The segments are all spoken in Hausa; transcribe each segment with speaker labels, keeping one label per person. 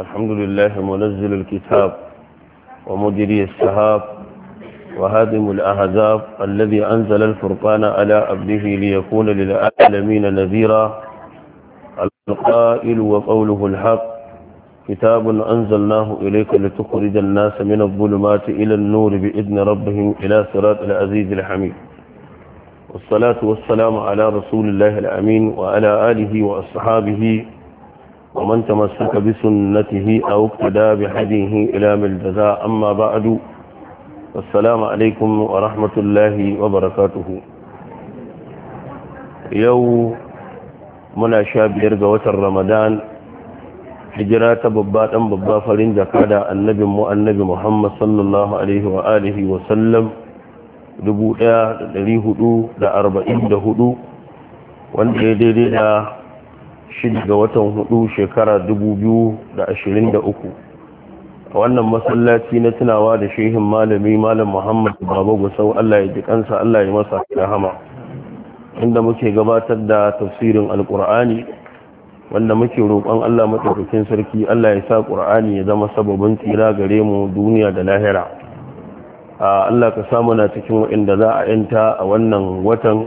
Speaker 1: الحمد لله منزل الكتاب ومجري السحاب وهادم الأهزاب الذي أنزل الفرقان على أبده ليكون للعالمين نذيرا القائل وقوله الحق كتاب أنزلناه إليك لتخرج الناس من الظلمات إلى النور بإذن ربهم إلى صراط العزيز الحميد والصلاة والسلام على رسول الله الأمين وعلى آله وأصحابه ومن تمسك بسنته أو اقتدى بحديه إلى ملجزاء أما بعد والسلام عليكم ورحمة الله وبركاته يو منا ga watan رمضان hijira ta babba dan babba farin jaka da annabin mu annabi Muhammad sallallahu da wa alihi wa sallam 1444 wanda ya daidai da shida ga watan hudu shekara 2023 a wannan masallaci na tunawa da shehin malami malam muhammad baba gusau allah ya ji kansa allah ya masa rahama inda muke gabatar da tafsirin alkur'ani wanda muke roƙon allah matsakakin sarki allah ya sa ƙur'ani ya zama sababin tsira gare mu duniya da lahira Allah ka samu na cikin waɗanda za a yanta a wannan watan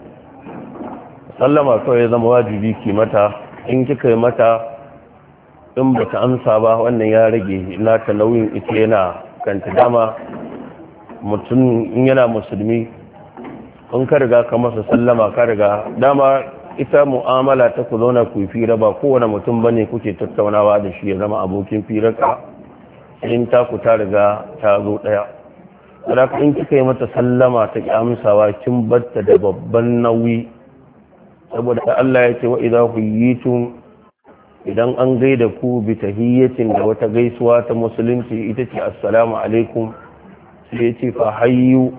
Speaker 1: sallama kawai ya zama wajibi ki mata in kika yi mata in ba ta amsa ba wannan ya rage ta nauyin ita yana kanta dama mutum in yana musulmi in ka riga ka masa sallama ka riga dama ita mu'amala ta ku zauna ku fira ba kowane mutum ba ne kuke tattaunawa da shi ya zama abokin firarka in ta ku ta riga ta zo ɗaya saboda in kika yi mata sallama ta amsawa kin batta da babban nauyi saboda Allah ya ce wa idza huyitum idan an gaida ku bi tahiyyatin da wata gaisuwa ta musulunci ita ce assalamu alaikum sai ya ce fa hayyu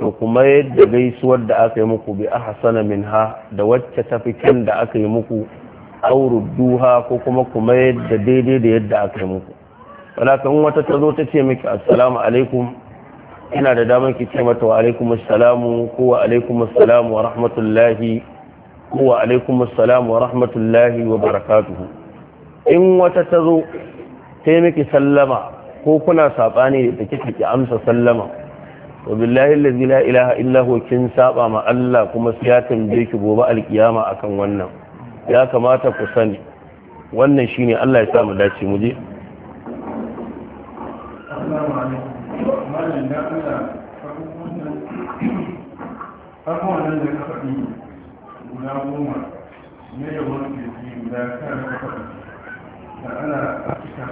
Speaker 1: to kuma yadda gaisuwar da aka yi muku bi ahsana minha da wacce tafi fi da aka yi muku duha ko kuma kuma yadda daidai da yadda aka yi muku wala kan wata ta zo ta ce miki assalamu alaikum ina da damar ki ce mata wa alaikum assalamu ko wa alaikum assalamu wa rahmatullahi ko wa alaikum assalamu wa rahmatullahi wa barakatuhu in wata ta zo sai miki sallama ko kuna sabani da kike ki amsa sallama wa billahi allazi la ilaha illa huwa kin saba ma Allah kuma sai ya tambaye ki gobe alkiyama akan wannan ya kamata ku sani wannan shine Allah ya sa mu dace mu je
Speaker 2: assalamu alaikum malin da Allah farko wannan da ka faɗi guda goma na yawon kirki guda kan ka faɗi da ana afirka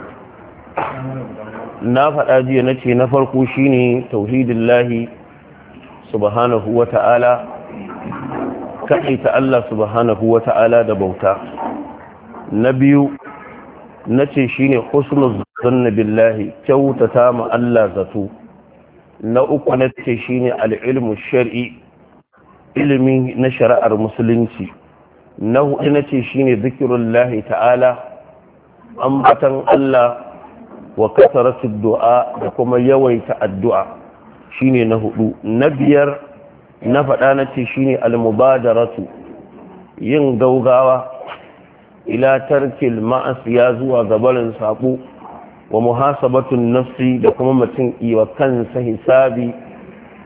Speaker 1: na faɗa jiya na ce na farko shine tauhidin lahi subhanahu wa ta'ala kaɗaita Allah subhanahu wa ta'ala da bauta na biyu na ce shi ne husnul Zannabillahi. kyautata ma Allah zato na uku na ce shi ne al'ilmu shari'i ilimi na shari'ar musulunci na huɗu na ce shi ne zikirullahi ta'ala ambatan Allah wa kasaratu du'a da kuma yawaita addu'a shi ne na hudu na biyar na faɗa na ce shi ne almubadaratu yin gaugawa ila tarkil ma'asiya zuwa gabarin saƙo. wa muhasabatun nafsi da kuma mutum iwa kansa hisabi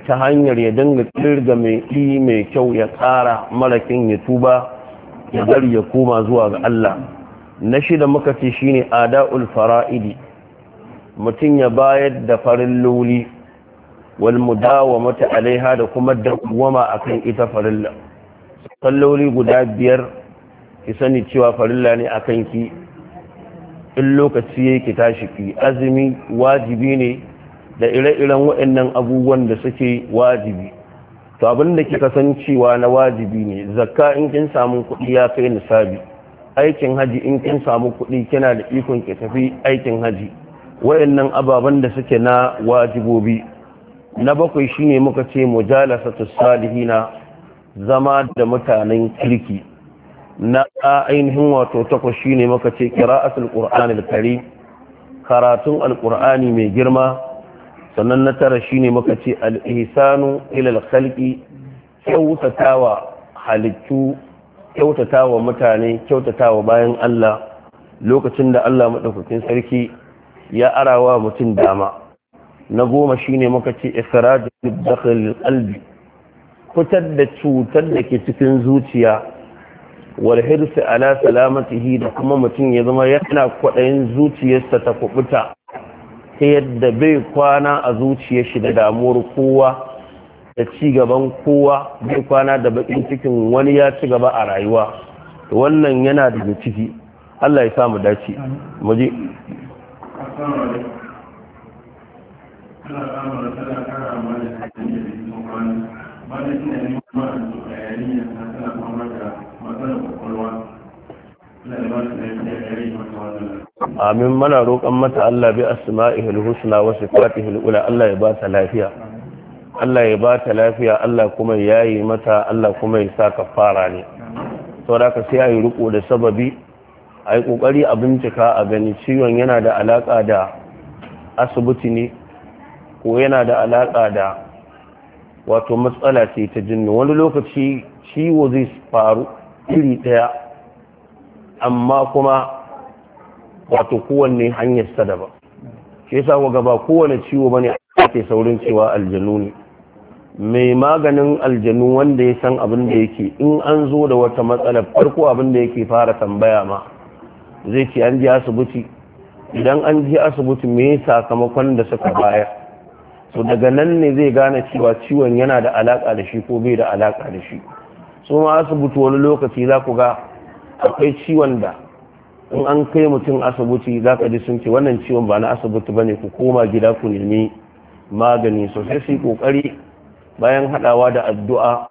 Speaker 1: ta hanyar ya dinga kirga mai yi mai kyau ya tsara malakin ya tuba ya gar ya koma zuwa ga Allah na shida muka ce shine ada'ul fara'idi mutum ya bayar da farin loli wal mudawamata alaiha da kuma dawwama akan ita farilla salloli guda biyar ki sani cewa farilla ne a kanki in lokaci ya ki tashi ki azumi wajibi ne da ire-iren waɗannan abubuwan da suke wajibi to abin da kika san cewa na wajibi ne zakka in kin samu kuɗi ya kai nisabi aikin haji in kin samu kuɗi kina da ikon ki tafi aikin haji waɗannan ababen da suke na wajibobi na bakwai shine muka ce mujalasatu salihina zama da mutanen kirki na ainihin wato takwas shine maka ce qira'atul da karim karatun Alƙur'ani mai girma sannan na tara shine maka ce al-ihsanu ila al-khalqi kyautatawa halittu kyautatawa mutane kyautatawa bayan Allah lokacin da Allah madaukakin sarki ya arawa mutum dama na goma shine maka ce ikhrajul dakhil qalbi fitar da cutar da ke cikin zuciya wal hirsi ala salamatihi da kuma mutum ya zama yana kwaɗayin zuciyarsa ta kubuta ta yadda bai kwana a zuciyar shi da damuwar kowa da ci gaban kowa bai kwana da bakin cikin wani ya ci gaba a rayuwa wannan yana daga ciki Allah ya samu dace mu je
Speaker 2: Allah ya
Speaker 1: amin mana roƙon mata Allah bi asma'ihil husna wa sifatihil ula Allah ya ba ta lafiya Allah ya ba ta lafiya Allah kuma ya yi mata Allah kuma ya sa ka fara ne saboda ka sai ayi riko da sababi ayi ƙoƙari a bincika a gani ciwon yana da alaka da asibiti ne ko yana da alaka da wato matsala ce ta jinnu wani lokaci ciwo zai faru iri ɗaya. amma kuma wato kowanne hanyar sa daban shi yasa ga ba kowane ciwo bane ake saurin cewa aljanu ne mai maganin aljanu wanda ya san abin da yake in an zo da wata matsala farko abin da yake fara tambaya ma zai ce an ji asibiti idan an ji asibiti me sakamakon da suka baya? so daga nan ne zai gane cewa ciwon yana da alaka da shi ko bai da alaka da shi so ma asibiti wani lokaci za ku ga akwai ciwon da in an kai mutum asibiti za ka ji sun ce wannan ciwon ba na asibiti ba ne ku koma gida ku nemi magani sosai su yi kokari bayan haɗawa da addu'a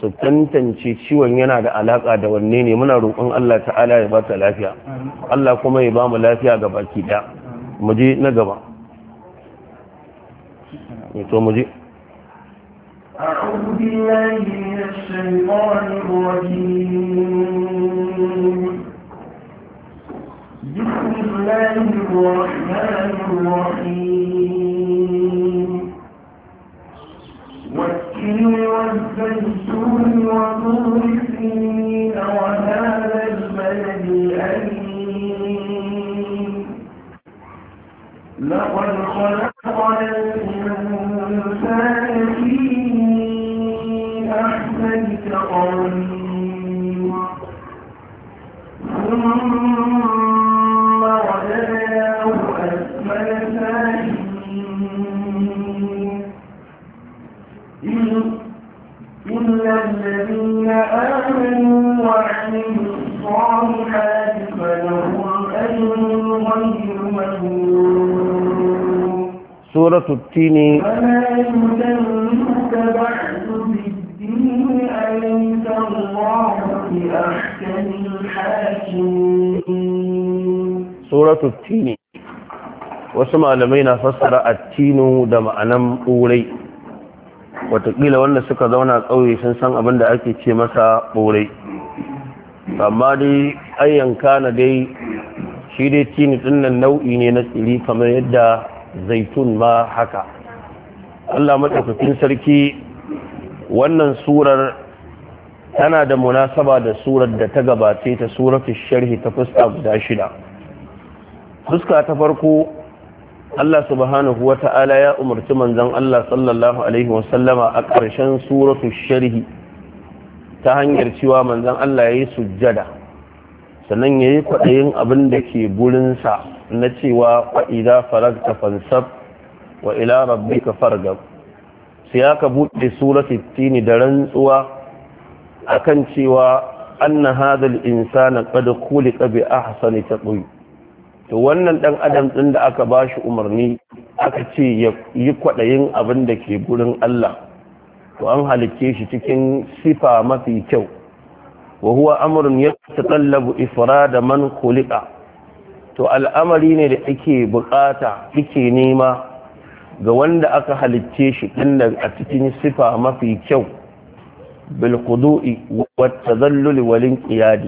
Speaker 1: su tantance ciwon yana da alaƙa da wanne ne muna roƙon Allah ta'ala ya ba ta lafiya Allah kuma ya ba mu lafiya ga baki ɗaya mu je na gaba to mu
Speaker 2: أعوذ بالله من الشيطان الرجيم بسم الله الرحمن الرحيم والتين والزيتون وطور سنين وهذا البلد الأليم لقد خلقنا الإنسان ثم رددناه أسفل ساجدين إلا الذين آمنوا وعملوا الصالحات فلهم أجر غير مجنون
Speaker 1: سورة التين فلا
Speaker 2: يدرك بعد بالدين أليس الله بأحسن
Speaker 1: suratul tini wasu malamai na fassara attinu da ma'anan ɓorai watakila wanda suka zauna ƙauye sun san abin da ake ce masa ɓorai amma dai ayyanka na dai shi dai tini ɗinnan nau'i ne na tsiri kamar yadda zaitun ma haka allah maɗaukakin sarki wannan surar tana da munasaba da surar da ta gabace ta suratul sharhi ta fuska guda shida fuska ta farko Allah subhanahu wa ta'ala ya umarci manzon Allah sallallahu alaihi sallama a ƙarshen suratu sharhi ta hanyar cewa manzon Allah ya yi sujjada sannan ya yi kwaɗayin abin da ke gurinsa na cewa ƙwa'ida faragta fansab wa ila rabbi ka fargab sai aka buɗe sura 60 da rantsuwa akan cewa anna hadal insana qad khuliqa bi ahsani taqwim to wannan dan adam din da aka ba shi umarni aka ce ya yi kwaɗayin abin da ke gurin Allah to an halicce shi cikin sifa mafi kyau wa huwa amrun yatatallabu ifrada man khuliqa to al'amari ne da ake bukata yake nema ga wanda aka halicce shi din a cikin sifa mafi kyau bil qudu'i wat tadallul wal inqiyadi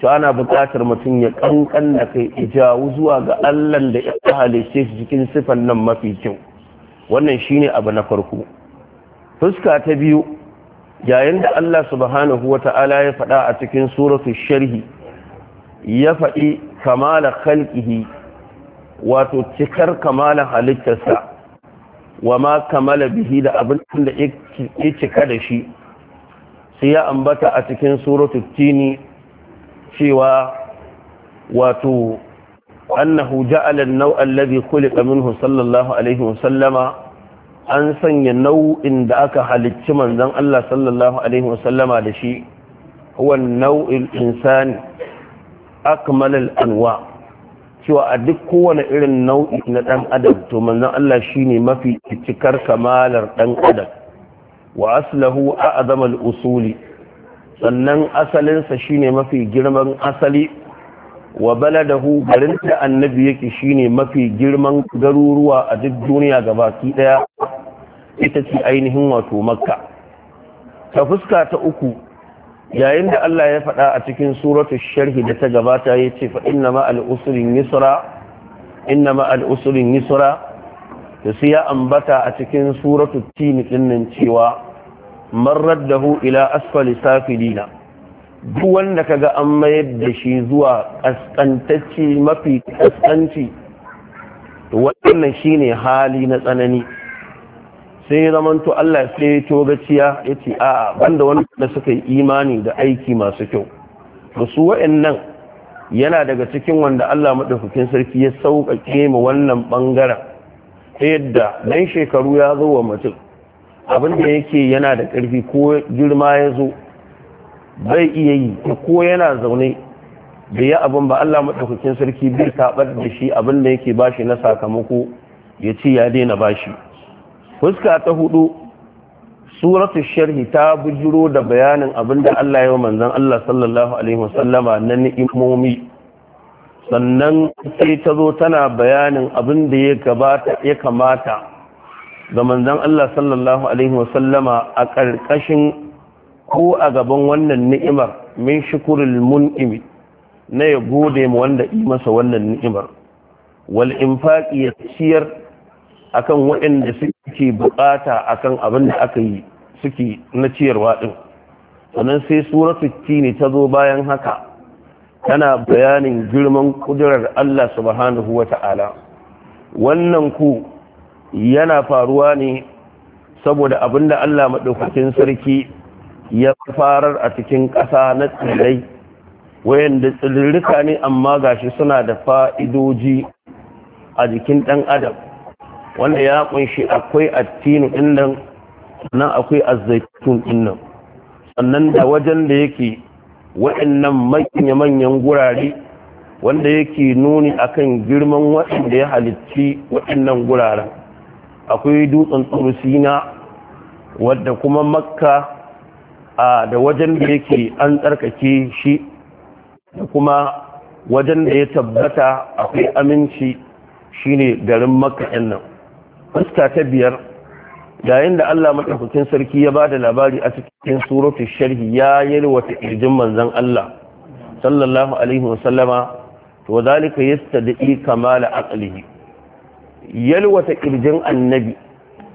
Speaker 1: to ana buƙatar mutum ya ƙanƙan da kai ijawu zuwa ga Allah da ya halice shi cikin sifan nan mafi kyau wannan shine abu na farko fuska ta biyu yayin da Allah subhanahu wa ta'ala ya faɗa a cikin suratul sharhi ya faɗi kamala khalqihi wato cikar kamala halittarsa wa ma kamala bihi da abin da ya cika da shi sai ya ambata a cikin suratul tini cewa wato annahu ja'ala an-naw' alladhi khuliqa minhu sallallahu alaihi wa sallama an sanya nau'in da aka halicci manzon Allah sallallahu alaihi da shi huwa an-naw'il insani akmal al-anwa cewa a duk kowane irin nau'i na dan adam to manzon Allah shine mafi cikar kamalar dan adam wa aslahu a'zamal usuli sannan asalinsa shine mafi girman asali wa baladahu garin da annabi yake shine mafi girman garuruwa a duk duniya baki daya ita ce ainihin wato makka ta fuska ta uku yayin da Allah ya faɗa a cikin suratu sharhi da ta gabata ya ce inna ma al'usurin usrin yusra inna da su ya ambata a cikin suratu tin din cewa marar da hu ila asfali dina. duk wanda kaga an mayar da shi zuwa kaskantacce mafi kaskanci wannan shine hali na tsanani sai zamanto Allah sai to gaciya yace a'a banda wanda suka yi imani da aiki masu kyau masu su wa'annan yana daga cikin wanda Allah madaukakin sarki ya sauƙaƙe mu wannan ɓangaren. ta yadda dan shekaru ya zo wa mutum abin da yake yana da ƙarfi ko girma ya zo bai iya yi ko yana zaune da ya abin ba Allah maɗaukakin sarki bai taɓar da shi abin da yake bashi na sakamako ya ce ya daina bashi fuska ta hudu suratul sharhi ta bujiro da bayanin abin da Allah ya manzon Allah sallallahu alaihi wasallama na ni'imomi sannan sai ta zo tana bayanin abin da ya gabata ya kamata ga manzon Allah sallallahu alaihi wasallama a ƙarƙashin ko a gaban wannan ni'imar min shukurul mun'imi na ya gode mu wanda yi masa wannan ni'imar wal infaqi ya ciyar akan waɗanda suke bukata akan abin da aka yi suke na ciyarwa din sannan sai suratu tini ta zo bayan haka tana bayanin girman kudurar Allah subhanahu wa wannan ku yana faruwa ne saboda abinda Allah maɗaukakin sarki ya farar a cikin ƙasa na tsirrai wayanda tsirrika ne amma gashi suna da fa'idoji a jikin ɗan adam wanda ya kunshi akwai attinu ɗin nan sannan akwai azaitun dinnan. sannan da wajen da yake waɗannan manya-manyan gurare wanda yake nuni akan girman da ya halitti waɗannan guraren akwai dutsen na, wadda kuma makka a da wajen da yake an tsarkake shi da kuma wajen da ya tabbata akwai aminci shine garin makka ɗin nan fuska ta biyar yayin da Allah madaukakin sarki ya ba da labari a cikin suratun sharhi ya yalwata irjin manzon Allah sallallahu alaihi wasallama to zalika yastadi kamala aqlihi yalwata kirjin annabi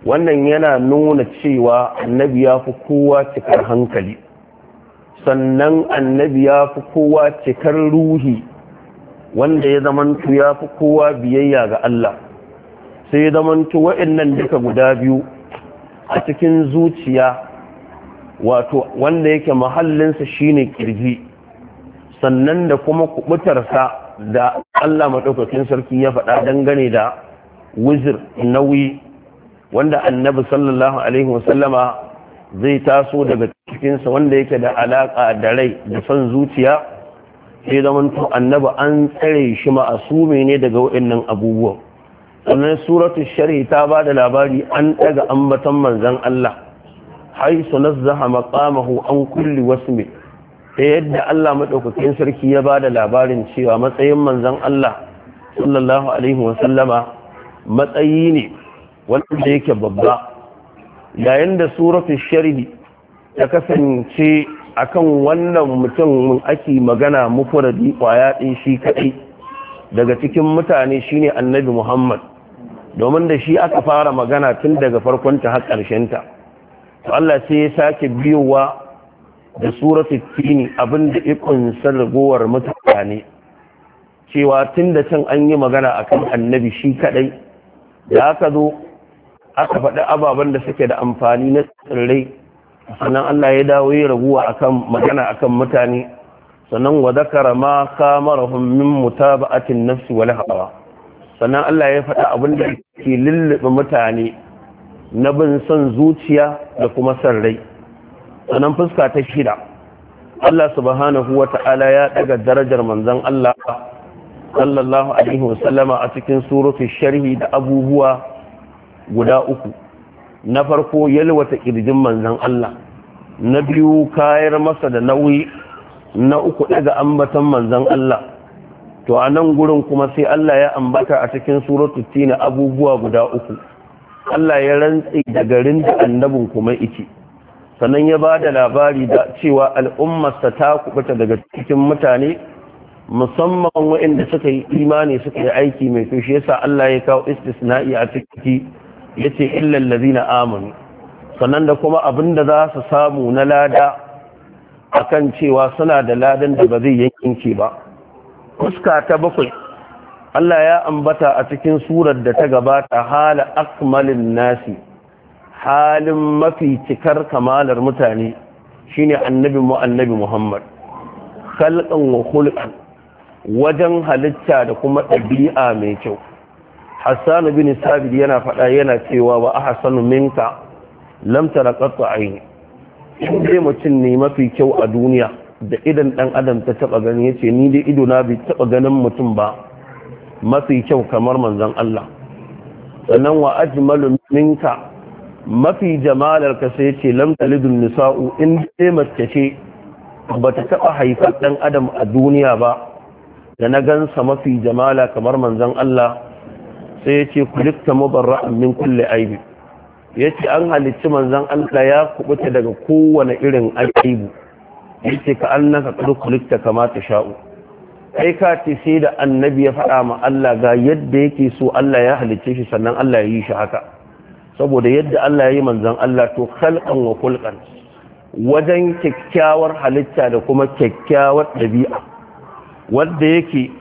Speaker 1: wannan yana nuna cewa annabi ya fi kowa cikar hankali sannan annabi ya fi kowa cikar ruhi wanda ya zamantu ya fi kowa biyayya ga Allah sai ya zamantu wa'annan duka guda biyu a cikin zuciya wato wanda yake mahallinsa shine kirji sannan da kuma kubutarsa da Allah maɗaukakin sarki ya faɗa dangane da wuzir nauyi wanda annabi sallallahu alaihi wasallama zai taso daga cikinsa wanda yake da alaƙa da rai da son zuciya sai zaman annabi an tsare shi ma'asumi ne daga waɗannan abubuwan sannan suratu sharhi ta ba da labari an ɗaga ambatan manzan Allah haisu nazzaha maqamahu an kulli wasmi ta yadda Allah maɗaukakin sarki ya ba da labarin cewa matsayin manzan Allah sallallahu alaihi wasallama matsayi ne wanda yake babba yayin da suratul sharhi ta kasance akan wannan mutum ake magana mufuradi kwaya din shi kaɗai, daga cikin mutane shine annabi Muhammad domin da shi aka fara magana tun daga farkon ta har ƙarshen ta Allah sai ya sake biyowa da suratul tini abinda ikon sargowar mutane cewa tun da can an yi magana akan annabi shi kaɗai. da aka zo aka faɗi ababen da suke da amfani na tsirrai sannan Allah ya dawo ya raguwa akan magana akan mutane sannan wa zakara ma kamarahum min mutaba'atin nafsi wal hawa sannan Allah ya faɗi abin da ke lullube mutane na bin son zuciya da kuma son rai sannan fuska ta shida Allah subhanahu wa ta'ala ya ɗaga darajar manzon Allah sallallahu alaihi wasallama a cikin surufin sharhi da abubuwa guda uku na farko yalwata kirjin manzan Allah na biyu kayar masa da nauyi na uku daga ambatan manzan Allah to a nan gurin kuma sai Allah ya ambata a cikin suratu tina abubuwa guda uku Allah ya rantsi da garin da annabin kuma iki sannan ya ba da labari da cewa al'ummarsa ta kubuta daga cikin mutane musamman waɗanda suka yi imani suka yi aiki mai kushe yasa Allah ya kawo istisna'i a ciki yace illal ladina amanu sannan da kuma abin da za su samu na lada akan cewa suna da ladan da ba zai ke ba fuska ta bakwai Allah ya ambata a cikin surar da ta gabata hala akmalin nasi halin mafi cikar kamalar mutane shine annabi mu annabi Muhammad khalqan wa khulqan wajen halitta da kuma ɗabi'a mai kyau hassanu bin sabid yana faɗa yana cewa ba a hassanu minka lamtara ƙasa aini ɗaya mutum ne mafi kyau a duniya da idan ɗan adam ta taɓa gani ya ce ni dai ido na bai taɓa ganin mutum ba mafi kyau kamar manzan Allah sannan wa ajmalu minka mafi jamalar ka sai ce lamta lidun nisa'u in dai mace ce ba ta taɓa haifar ɗan adam a duniya ba da na gansa mafi jamala kamar Manzan Allah sai ya ce kulikta mubarra min kulle aibi ya ce an halicci Manzan Allah ya kubuta daga kowane irin aibu ya ce ka naka kudu kulikta kama ta sha'u kai ka ce sai da annabi ya faɗa ma Allah ga yadda yake so Allah ya halicce shi sannan Allah ya yi shi haka saboda yadda Allah ya yi Manzan Allah to khalqan wa kulqan wajen kyakkyawar halitta da kuma kyakkyawar ɗabi'a wanda yake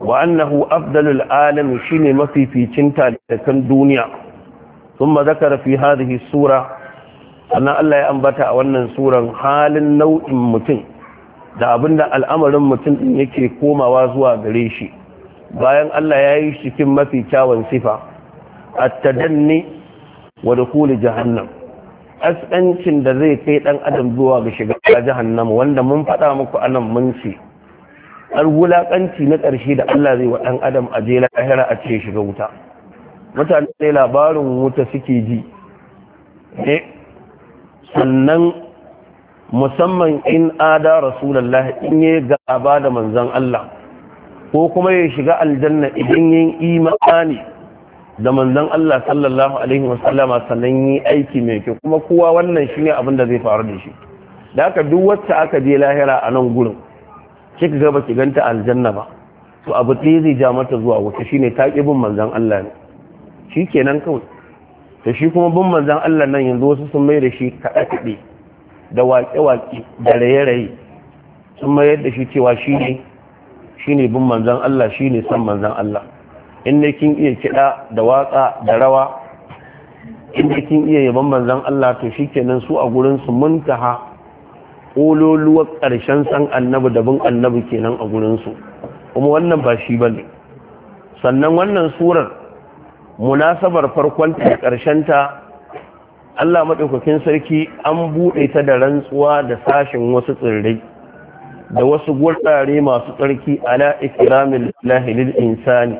Speaker 1: wa annahu afdalul alam shine mafificin talikan duniya thumma zakara fi hadhihi sura sannan Allah ya ambata a wannan suran halin nau'in mutum da abinda al'amarin mutum din yake komawa zuwa gare shi bayan Allah ya yi cikin mafi kyawun sifa at-tadanni wa dukhul jahannam askancin da zai kai dan adam zuwa ga shiga jahannam wanda mun faɗa muku anan mun ce har wulakanci na ƙarshe da Allah zai wa ɗan adam a je lahira a ce shiga wuta mutane labarin wuta suke ji ne eh, sannan musamman in ada rasulallah in yi gaba da manzan Allah ko kuma ya shiga aljanna idan yin imani da manzan Allah sallallahu alaihi wasallama sannan yi aiki mai kyau kuma kowa wannan shine abin da zai faru da shi da aka duk wacce aka je lahira a nan gurin kika ga baki ganta aljanna ba to abu ɗaya zai ja mata zuwa wuta shine ta ƙi bin manzon Allah ne shi kenan kawai to shi kuma bin manzon Allah nan yanzu wasu sun mai da shi kaɗe kaɗe da waƙe waƙe da raye raye sun mayar da shi cewa shi ne shi ne bin manzon Allah shi ne san manzon Allah in ne kin iya kiɗa da watsa da rawa in ne kin iya yaban manzon Allah to shi nan su a gurin su muntaha ƙololuwar ƙarshen san annabi da bin annabi kenan a gurinsu kuma wannan ba shi ba ne sannan wannan surar munasabar farkon ta ƙarshen ta allah maɗaukakin sarki an buɗe ta da rantsuwa da sashin wasu tsirrai da wasu gurɗare masu tsarki ala ikiramin lahilin insani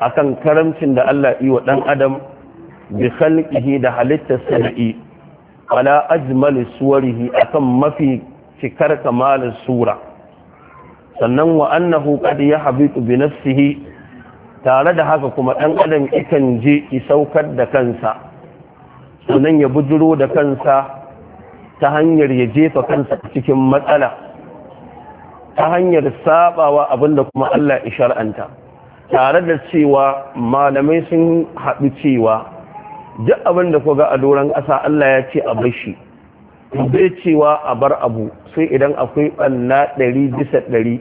Speaker 1: akan karamcin da allah yi wa ɗan adam bi khalqihi da halittar sarki ala ajmali suwarihi akan mafi cikar kamalin sura sannan wa annahu qad yahbitu bi nafsihi tare da haka kuma dan adam ikan je ki saukar da kansa sannan ya bujuro da kansa ta hanyar ya jefa kansa cikin matsala ta hanyar sabawa abinda kuma Allah ya shar'anta tare da cewa malamai sun haɗu cewa duk abin da ga a doron ƙasa Allah ya ce a bar shi bai cewa a bar abu sai idan akwai ɓanna ɗari bisa ɗari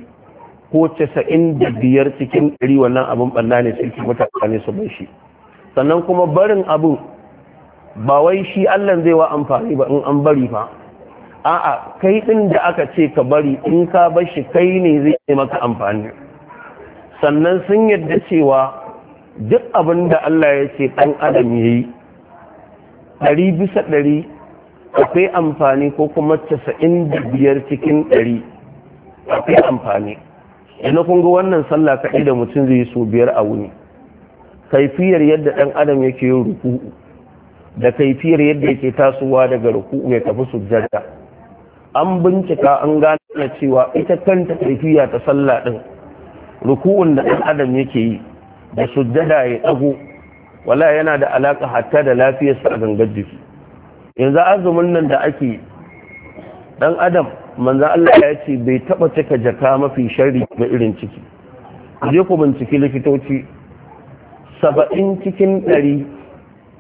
Speaker 1: ko casa'in da biyar cikin ɗari wannan abin ɓanna ne sai mutane su bar shi sannan kuma barin abin ba wai shi Allah zai wa amfani ba in an bari fa a'a kai ɗin da aka ce ka bari in ka bar shi kai ne zai yi maka amfani sannan sun yadda cewa duk abin da Allah ya ce ɗan adam ya yi ɗari bisa ɗari akwai amfani ko kuma casa'in da biyar cikin ɗari akwai amfani Ina kun ga wannan sallah kaɗai da mutum zai yi so biyar a wuni kaifiyar yadda ɗan adam yake yin ruku'u da kaifiyar yadda yake tasowa daga ruku'u ya tafi sujjada an bincika an gane cewa ita kanta kaifiya ta sallah ɗin ruku'un da ɗan adam yake yi da sujjada ya ɗago wala yana da alaka hatta da lafiyarsa a gangar jiki yanzu azumin nan da ake dan adam manzan Allah ya ce bai taba cika jaka mafi shari ga irin ciki je ku binciki likitoci saba'in cikin ɗari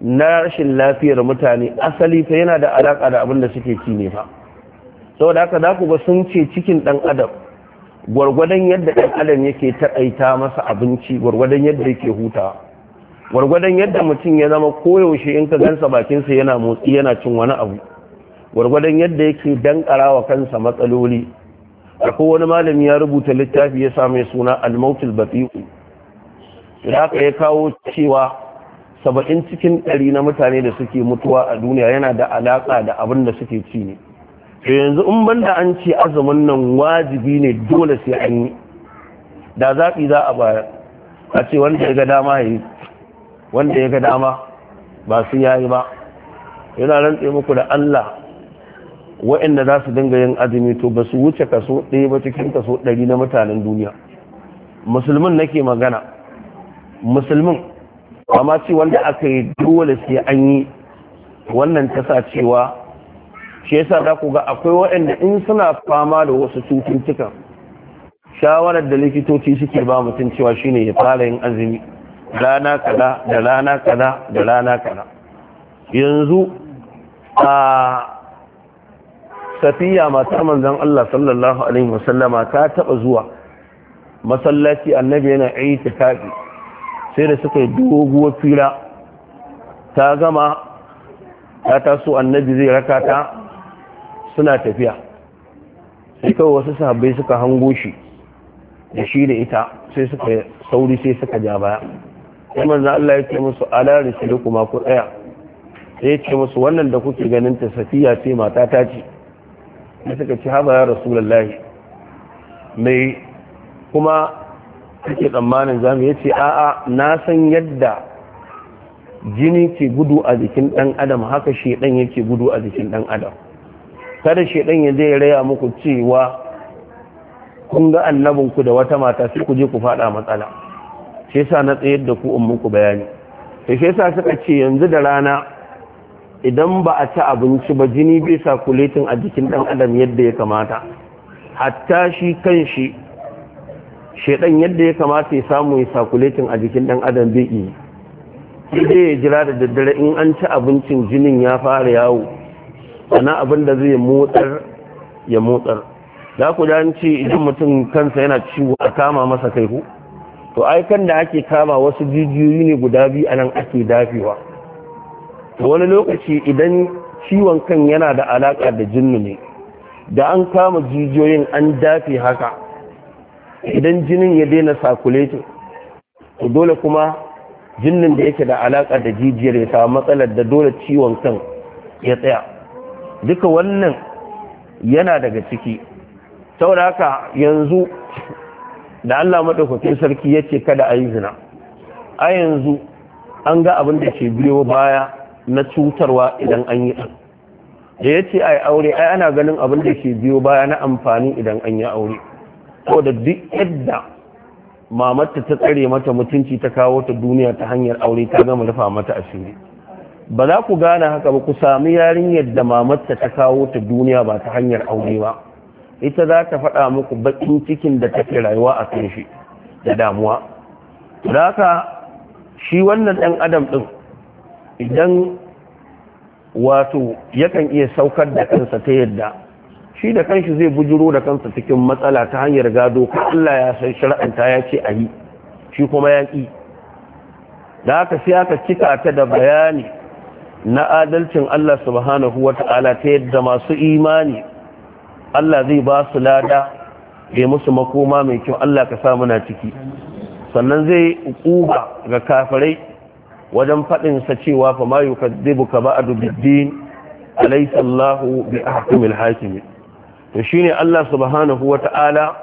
Speaker 1: na rashin lafiyar mutane asali fa yana da alaka da abin da suke ci ne fa saboda haka za ku ga sun ce cikin dan adam gwargwadon yadda dan adam yake taƙaita masa abinci gwargwadon yadda yake hutawa gwargwadon yadda mutum ya zama koyaushe in ka gansa bakinsa yana motsi yana cin wani abu gwargwadon yadda yake dankara wa kansa matsaloli akwai wani malami ya rubuta littafi ya same suna almautul batiu da ya kawo cewa saba'in cikin ɗari na mutane da suke mutuwa a duniya yana da alaƙa da abin da suke ci ne to yanzu in banda an ce azumin nan wajibi ne dole sai an yi da zaɓi za a bayar a ce wanda ya ga dama ya yi wanda ya ga dama ba su yayi ba yana rantse muku da Allah waɗanda za su dinga yin azumi to ba su wuce kaso ɗaya ba cikin kaso ɗari na mutanen duniya musulmin nake magana musulmin amma ce wanda aka yi dole sai an yi wannan tasa cewa shi yasa za ku ga akwai waɗanda in suna fama da wasu cututtukan shawarar da likitoci suke ba mutum cewa shine ya fara yin azumi rana kaza da rana kaza da rana kaza yanzu a safiya mata manzon Allah sallallahu alaihi wasallama ta taba zuwa masallaci annabi yana itikafi sai da suka yi doguwar fira ta gama ta taso annabi zai raka ta suna tafiya sai kawai wasu sahabbai suka hango shi da shi da ita sai suka sauri sai suka ja baya sai manzo Allah ya ce musu ala risulukuma ku tsaya sai ya musu wannan da kuke ganin ta safiya ce mata ta ce da suka ci haba ya rasulullahi mai kuma take tsammanin zamu yace a'a na san yadda jini ke gudu a jikin dan adam haka shedan yake gudu a jikin dan adam kada shedan ya je raya muku cewa kun ga annabinku da wata mata sai ku je ku faɗa matsala shi yasa na tsayar da ku in muku bayani to shi yasa suka ce yanzu da rana idan ba a ci abinci ba jini bai sakuletin a jikin dan adam yadda ya kamata hatta shi kan shi shedan yadda ya kamata ya samu ya sakuletin a jikin dan adam bai yi sai ya jira da daddare in an ci abincin jinin ya fara yawo ana abin da zai motsar ya motsar za ku da ce idan mutum kansa yana ciwo a kama masa kai ku to aikan da ake kama wasu jijiyoyi ne guda biyu anan ake dafewa wani lokaci idan ciwon kan yana da alaƙa da jinnu ne da an kama jijiyoyin an dafe haka idan jinin ya daina sakuletin to dole kuma jinnin da yake da alaƙa da jijiyar ya samu matsalar da dole ciwon kan ya tsaya duka wannan yana daga ciki saboda haka yanzu da Allah madaukakin sarki yace kada a yi zina a yanzu an ga abin da ke biyo baya na cutarwa idan an yi da yace ai aure ai ana ganin abin da ke biyo baya na amfani idan an yi aure ko da duk yadda mamarta ta tsare mata mutunci ta kawo ta duniya ta hanyar aure ta gama rufa mata asiri ba za ku gane haka ba ku sami yarinyar da mamarta ta kawo ta duniya ba ta hanyar aure ba ita za ta faɗa muku baƙin cikin da take rayuwa a kan shi da damuwa za haka shi wannan ɗan adam ɗin idan wato yakan iya saukar da kansa ta yadda shi da kanshi zai bujiro da kansa cikin matsala ta hanyar gado ko Allah ya san shari'anta ya ce a yi shi kuma ya ƙi da haka sai aka cika ta da bayani na adalcin Allah subhanahu wa ta'ala ta yadda masu imani Allah zai ba su lada ya musu makoma mai kyau Allah ka samu na ciki sannan zai ƙuba ga kafirai wajen faɗin sa cewa fa ma yukadibuka ba'du bid-din alaysa Allahu bi ahkamil hakimin to shine Allah subhanahu wata'ala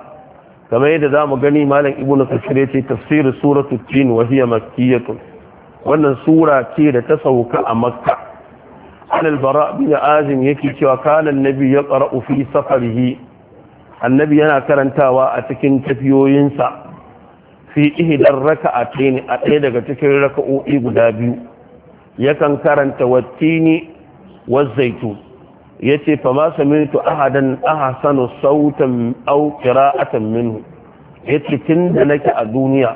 Speaker 1: kamar yadda zamu gani malam ibnu kasir ce tafsirin suratu jin wa hiya makkiyatun wannan sura ce da ta sauka a makka alal bara bin azim yake cewa kana Nabi ya qara'u ufi safarihi annabi yana karantawa a cikin tafiyoyinsa fi ihdar raka a ɗaya daga cikin raka'o'i guda biyu yakan karanta wattini wazzaitu yace fa ma sami'tu ahadan ahsanu sautan aw qira'atan minhu yace da nake a duniya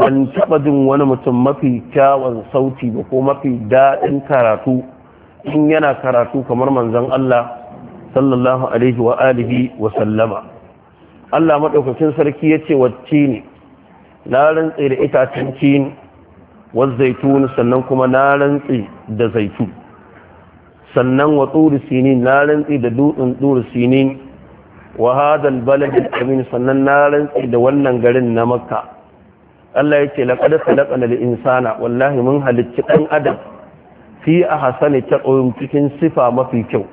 Speaker 1: ban taɓa jin wani mutum mafi kyawun sauti ba ko mafi daɗin karatu in yana karatu kamar manzan Allah sallallahu alaihi wa alihi wa sallama Allah madaukakin sarki ya ce wacce ne na rantsi da itacen cin waz zaitun sannan kuma na rantsi da zaitun sannan wa turi sinin na rantsi da dutsen turi sinin wa hadal balad amin sannan na rantsi da wannan garin na makka Allah ya ce laƙada salaƙa da insana wallahi mun halicci ɗan adam fi a hasani ta cikin sifa mafi kyau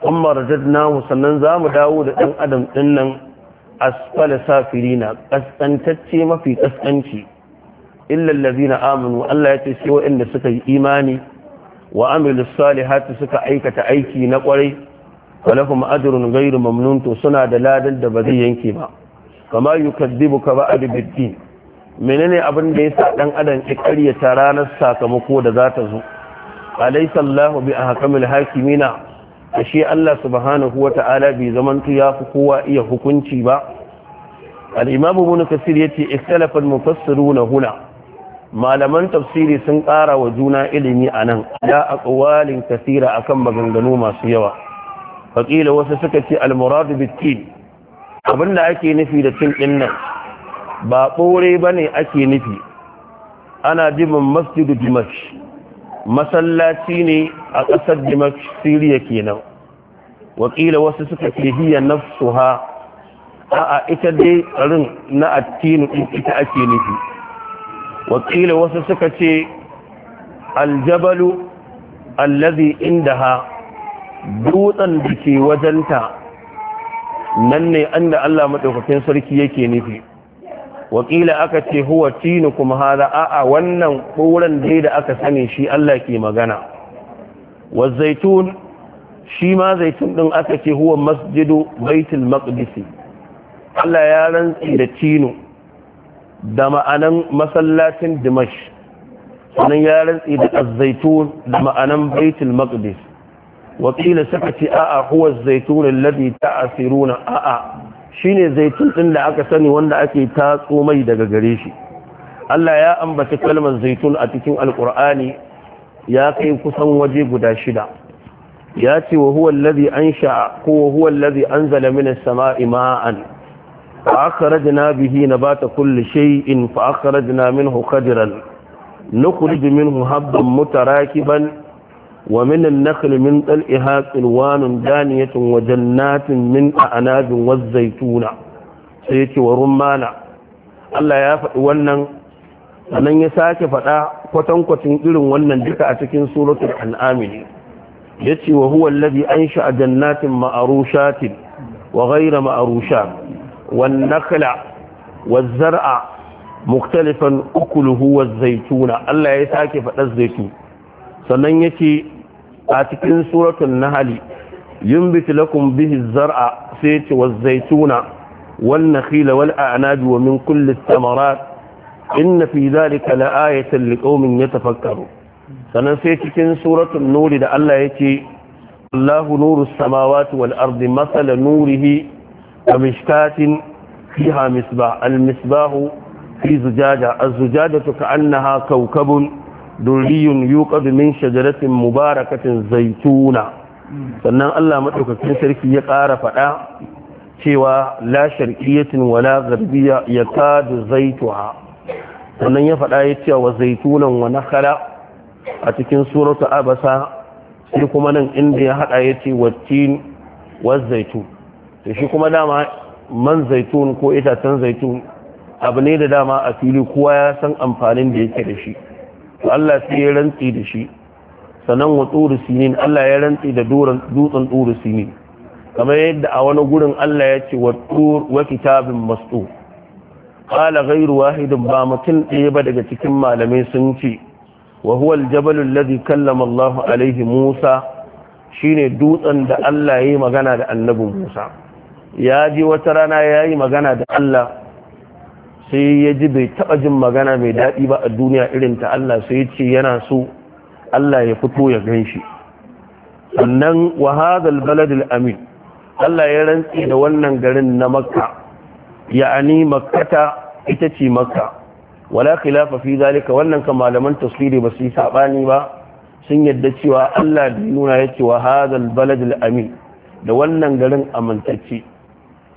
Speaker 1: kuma namu sannan za mu dawo da ɗan adam ɗin nan asfala safirina ƙasƙantacce mafi ƙasƙanci illallazi na aminu Allah ya ce sai waɗanda suka yi imani wa amilu salihati suka aikata aiki na ƙwarai falahum ajrun ghairu mamnun to suna da ladan da ba zai yanke ba kama yukadibuka ba'd biddin menene abin da yasa dan adam ya ƙaryata ranar sakamako da za ta zo alaysa Allahu bi ahkamil hakimina ashe Allah subhanahu wata'ala bai zaman ya yafi kowa iya hukunci ba al-imam ibn kasir yace ikhtalafa al na huna malaman tafsiri sun ƙara wa juna ilimi a nan. Ya a aqwalin kasira akan maganganu masu yawa faqila wasu suka ce al-murad Abin da abinda ake nufi da cin din nan ba bore bane ake nufi ana jibin masjidu dimash masallaci ne a ƙasar dimak siriya kenan wakila wasu suka ke hiya nafsu ha a'a ita dai tsarin na attinu ita ake nufi wakila wasu suka ce aljabalu allazi inda ha dutsen da ke wajenta nan ne an da allah maɗaukakin sarki yake nufi wakila aka ce huwa kuma hada a'a wannan ɓuran dai da aka sani shi Allah ke magana wa zaitun shi ma zaitun din aka ce huwa masjidu baitul maqdis Allah ya rantsi da tinu da ma'anan masallacin dimash sannan ya rantsi da azzaitun da ma'anan baitul maqdis wakila suka ce a'a huwa zaitun alladhi ta'asiruna a'a shine zaitun ɗin da aka sani wanda ake tatso mai daga gare shi Allah ya ambata kalmar zaitun a cikin alkur'ani ya kai kusan waje guda shida ya ce wa huwa an ansha ko wa huwa an anzala minas sama'i ma'an fa akhrajna bihi nabata kulli shay'in fa akhrajna minhu khadran nukhrij minhu habban mutarakiban ومن النخل من طلعها قلوان دانية وجنات من أعناب والزيتون سيتي ورمانا الله يا فأولنا أن يساك فتا kwatankwacin irin wannan duka a cikin suratul an'ami ne yace wa huwa alladhi ansha'a jannatin ma'rushatin wa ghayra ma'rushat wan nakhla waz zar'a mukhtalifan ukuluhu waz zaituna. Allah ya sake fadar zaitu sannan ya ce. a cikin suratun nahali yin lakum bihi zar'a sai ce wa zaituna wal nakhila wal a'nabi wa min kulli thamarat inna fi dhalika la ayatan liqaumin yatafakkaru sanan sai cikin suratun nuri da Allah yake الله نور السماوات والأرض مثل نوره كمشكاة فيها مصباح المصباح في زجاجة الزجاجة كأنها كوكب durriyun yuqadu min shajaratin mubarakatin zaituna sannan Allah madaukakin sarki ya ƙara faɗa cewa la sharqiyatin wala gharbiyya yakadu zaituha sannan ya faɗa ya cewa zaitunan wa nakhala a cikin suratu abasa sai kuma nan inda ya haɗa ya ce wattin wa zaitun to shi kuma dama man zaitun ko itacen zaitun abu ne da dama a fili kowa ya san amfanin da yake da shi to Allah sai ya rantsi da shi sanan wa turu sinin Allah ya rantsi da dutsen turu sinin kamar yadda a wani gurin Allah ya ce wa tur wa kitabin mastu qala ghayru wahidin ba mutum ɗaya ba daga cikin malamai sun ce wa huwa al-jabal alladhi kallama Allahu alaihi Musa shine dutsen da Allah ya yi magana da annabi Musa ya ji wata rana ya yi magana da Allah sai ya ji bai taɓa jin magana mai daɗi ba a duniya irin ta Allah sai ya ce yana so Allah ya fito ya gan shi sannan wa hadal baladil amin Allah ya rantsi da wannan garin na makka ya'ani makkata ita ce makka wala khilafa fi zalika wannan kan malaman tafsiri ba su yi sabani ba sun yadda cewa Allah da nuna ya ce wa hadal baladil amin da wannan garin amintacce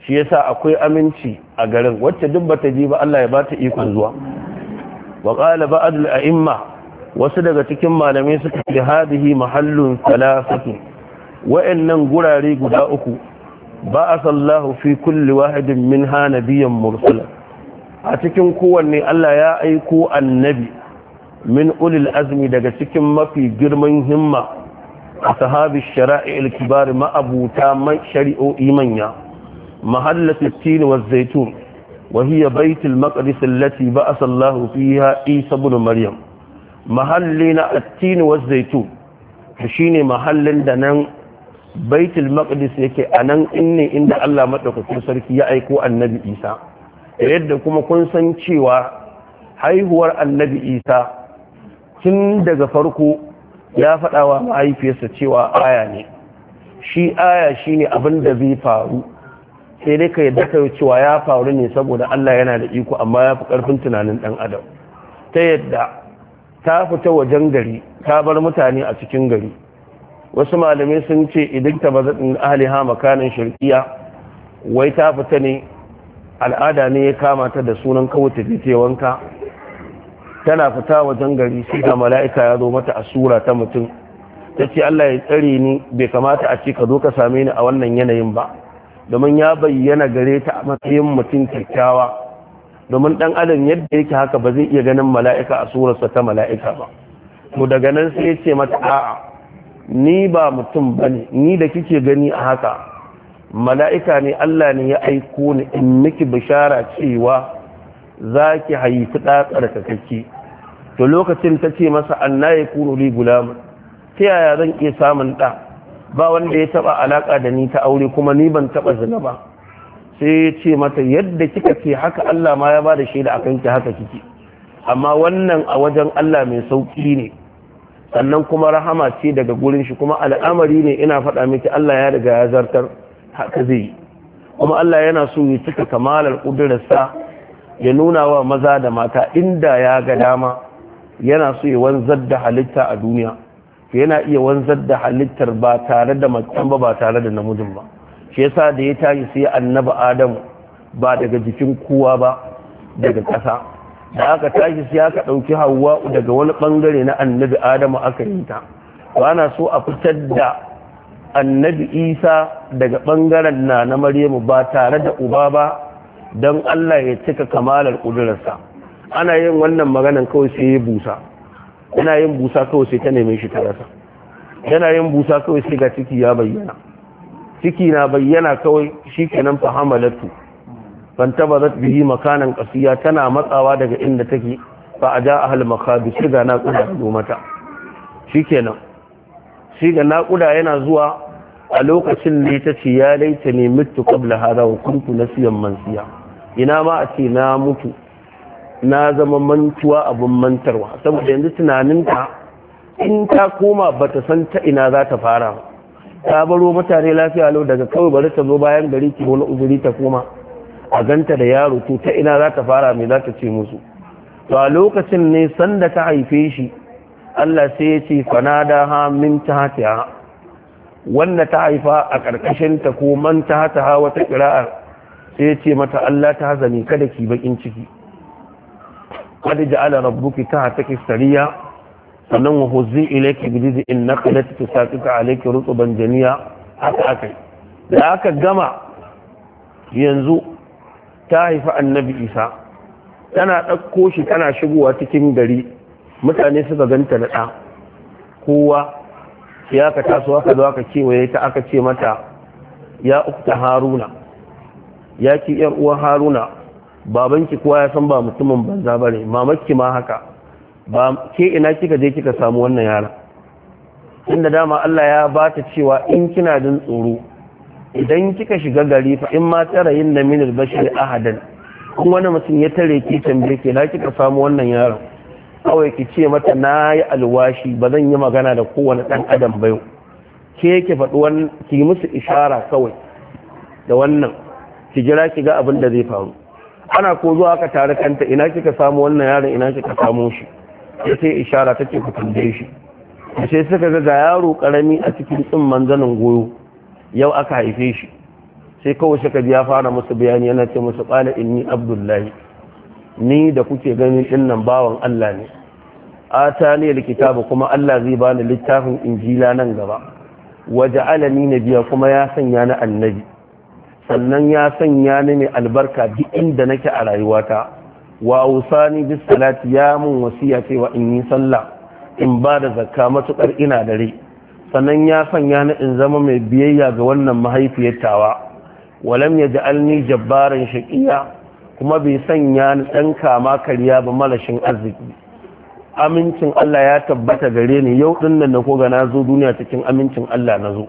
Speaker 1: shi yasa akwai aminci a garin wacce duk bata ji ba Allah ya ba ta ikon zuwa wa qala ba'd al-a'imma wasu daga cikin malamai suka ce hadihi mahallun thalathatu wa'annan gurare guda uku ba asallahu fi kulli wahidin minha nabiyyan mursala a cikin kowanne Allah ya aiko annabi min ulil azmi daga cikin mafi girman himma a sahabi shara'i al-kibar ma'abuta shari'o'i manya محلة التين والزيتون وهي بيت المقدس التي بأس الله فيها عيسى بن مريم محلنا التين والزيتون shine mahallin da nan baitul maqdis yake anan inne inda Allah madaukakin sarki ya aiko annabi Isa yadda kuma kun san cewa haihuwar annabi Isa tun daga farko ya faɗawa mahaifiyarsa cewa aya ne shi aya shine abin da zai faru sai dai ka yadda ka cewa ya faru ne saboda Allah yana da iko amma ya fi ƙarfin tunanin ɗan adam ta yadda ta fita wajen gari ta bar mutane a cikin gari wasu malamai sun ce idan ta bazaɗin ha makanin shirkiya wai ta fita ne al'ada ne ya kama ta da sunan ta tafi wanka tana fita wajen gari sai ga mala'ika ya zo mata a sura ta mutum ta ce Allah ya tsare ni bai kamata a ce ka zo ka same ni a wannan yanayin ba domin ya bayyana gare ta a matsayin mutum kyakkyawa domin dan adam yadda yake haka ba zai iya ganin mala'ika a surarsa ta mala'ika ba mu daga nan sai ce mata a'a ni ba mutum bane ni da kike gani a haka mala'ika ne Allah ne ya aiko ni in miki bishara cewa za ki haifi ɗa tsarkakakke to lokacin ta ce masa anna ya kunu li gulam ta yaya zan iya samun ɗa ba wanda ya taba alaka da ni ta aure kuma ni ban taba zina ba sai ya ce mata yadda kika ce haka Allah ma ya bada da shaida akan ki haka kike amma wannan a wajen Allah mai sauki ne sannan kuma rahama ce daga gurin shi kuma al'amari ne ina faɗa miki Allah ya riga ya zartar haka zai yi kuma Allah yana so ya cika kamalar ƙudurarsa ya nuna wa maza da mata inda ya ga dama yana so ya wanzar da halitta a duniya yana iya wanzar da halittar ba tare da macen ba ba tare da namijin ba shi yasa da ya tashi sai annabi adam ba daga jikin kowa ba daga ƙasa da aka tashi sai aka ɗauki hawa daga wani ɓangare na annabi adamu aka yi ta to ana so a fitar da annabi isa daga ɓangaren na na maryamu ba tare da uba ba don allah ya cika kamalar ƙudurarsa ana yin wannan maganan kawai sai ya busa yana yin busa kawai sai ta neme shi ta rasa yana yin busa kawai sai ga ciki ya bayyana ciki na bayyana kawai shi kenan fa hamalatu tabarat bihi makanan qasiya tana matsawa daga inda take fa aja ahl makhabi sai ga naƙuda zo mata shikenan sai ga naƙuda yana zuwa a lokacin ne ta ce ya laita ne mutu qabla hada wa kuntu nasiyan mansiya ina ma a ce na mutu na zama mantuwa abin mantarwa saboda yanzu tunanin ta, in ta koma ba ta san ta ina za ta fara ta baro mutane lafiya lau daga kawai bari ta zo bayan gari ki wani uzuri ta koma a ganta da yaro to ta ina za ta fara me za ta ce musu to a lokacin ne sanda ta haife shi Allah sai ya ce fanada ha min ta tahtiha wanda ta haifa a karkashin ta ko man hata wata ƙira'ar, sai ya ce mata Allah ta hazani kada ki bakin ciki qad ja'ala rabbuki tahtaki sariya sannan wa huzzi ilayki bi jiz'in naqlati tusaqitu alayki rutuban janiya haka akai da aka gama yanzu ta haifi annabi isa tana ɗauko shi tana shigowa cikin gari mutane suka ganta na ɗa kowa ya ka taso aka zo aka kewaye ta aka ce mata ya ukta haruna ya ki yar uwa haruna babanki kowa ya san ba mutumin banza ba ne mamaki ma haka ba ke ina kika je kika samu wannan yara inda dama Allah ya ba ta cewa in kina jin tsoro idan kika shiga gari fa in ma tsara yin da minil bashir ahadan kun wani mutum ya tare ki tambaye ke na kika samu wannan yaron kawai ki ce mata na yi alwashi ba zan yi magana da kowane ɗan adam ba yau ke ki faɗi wani ki musu ishara kawai da wannan ki jira ki ga abin da zai faru ana ko zuwa aka tare kanta ina kika samu wannan yaron ina kika samu shi sai ishara take ku tambaye shi sai suka ga yaro karami a cikin tsimman manzanin goyo yau aka haife shi sai kawai suka ji ya fara musu bayani yana ce musu qala inni abdullahi ni da kuke ganin din nan bawan Allah ne ne alkitabu kuma Allah zai bani littafin injila nan gaba waja'alani nabiyya kuma ya sanya na annabi sannan ya sanya ni mai albarka duk inda nake a rayuwata wa ausani bis salati ya mun wasiya cewa in yi sallah in ba da zakka matukar ina dare sannan ya sanya ni in zama mai biyayya ga wannan mahaifiyar tawa walam yaj'alni jabbaran shaqiya kuma bai sanya ni dan kama karya ba malashin arziki amincin Allah ya tabbata gare ni yau din nan na ko na zo duniya cikin amincin Allah na zo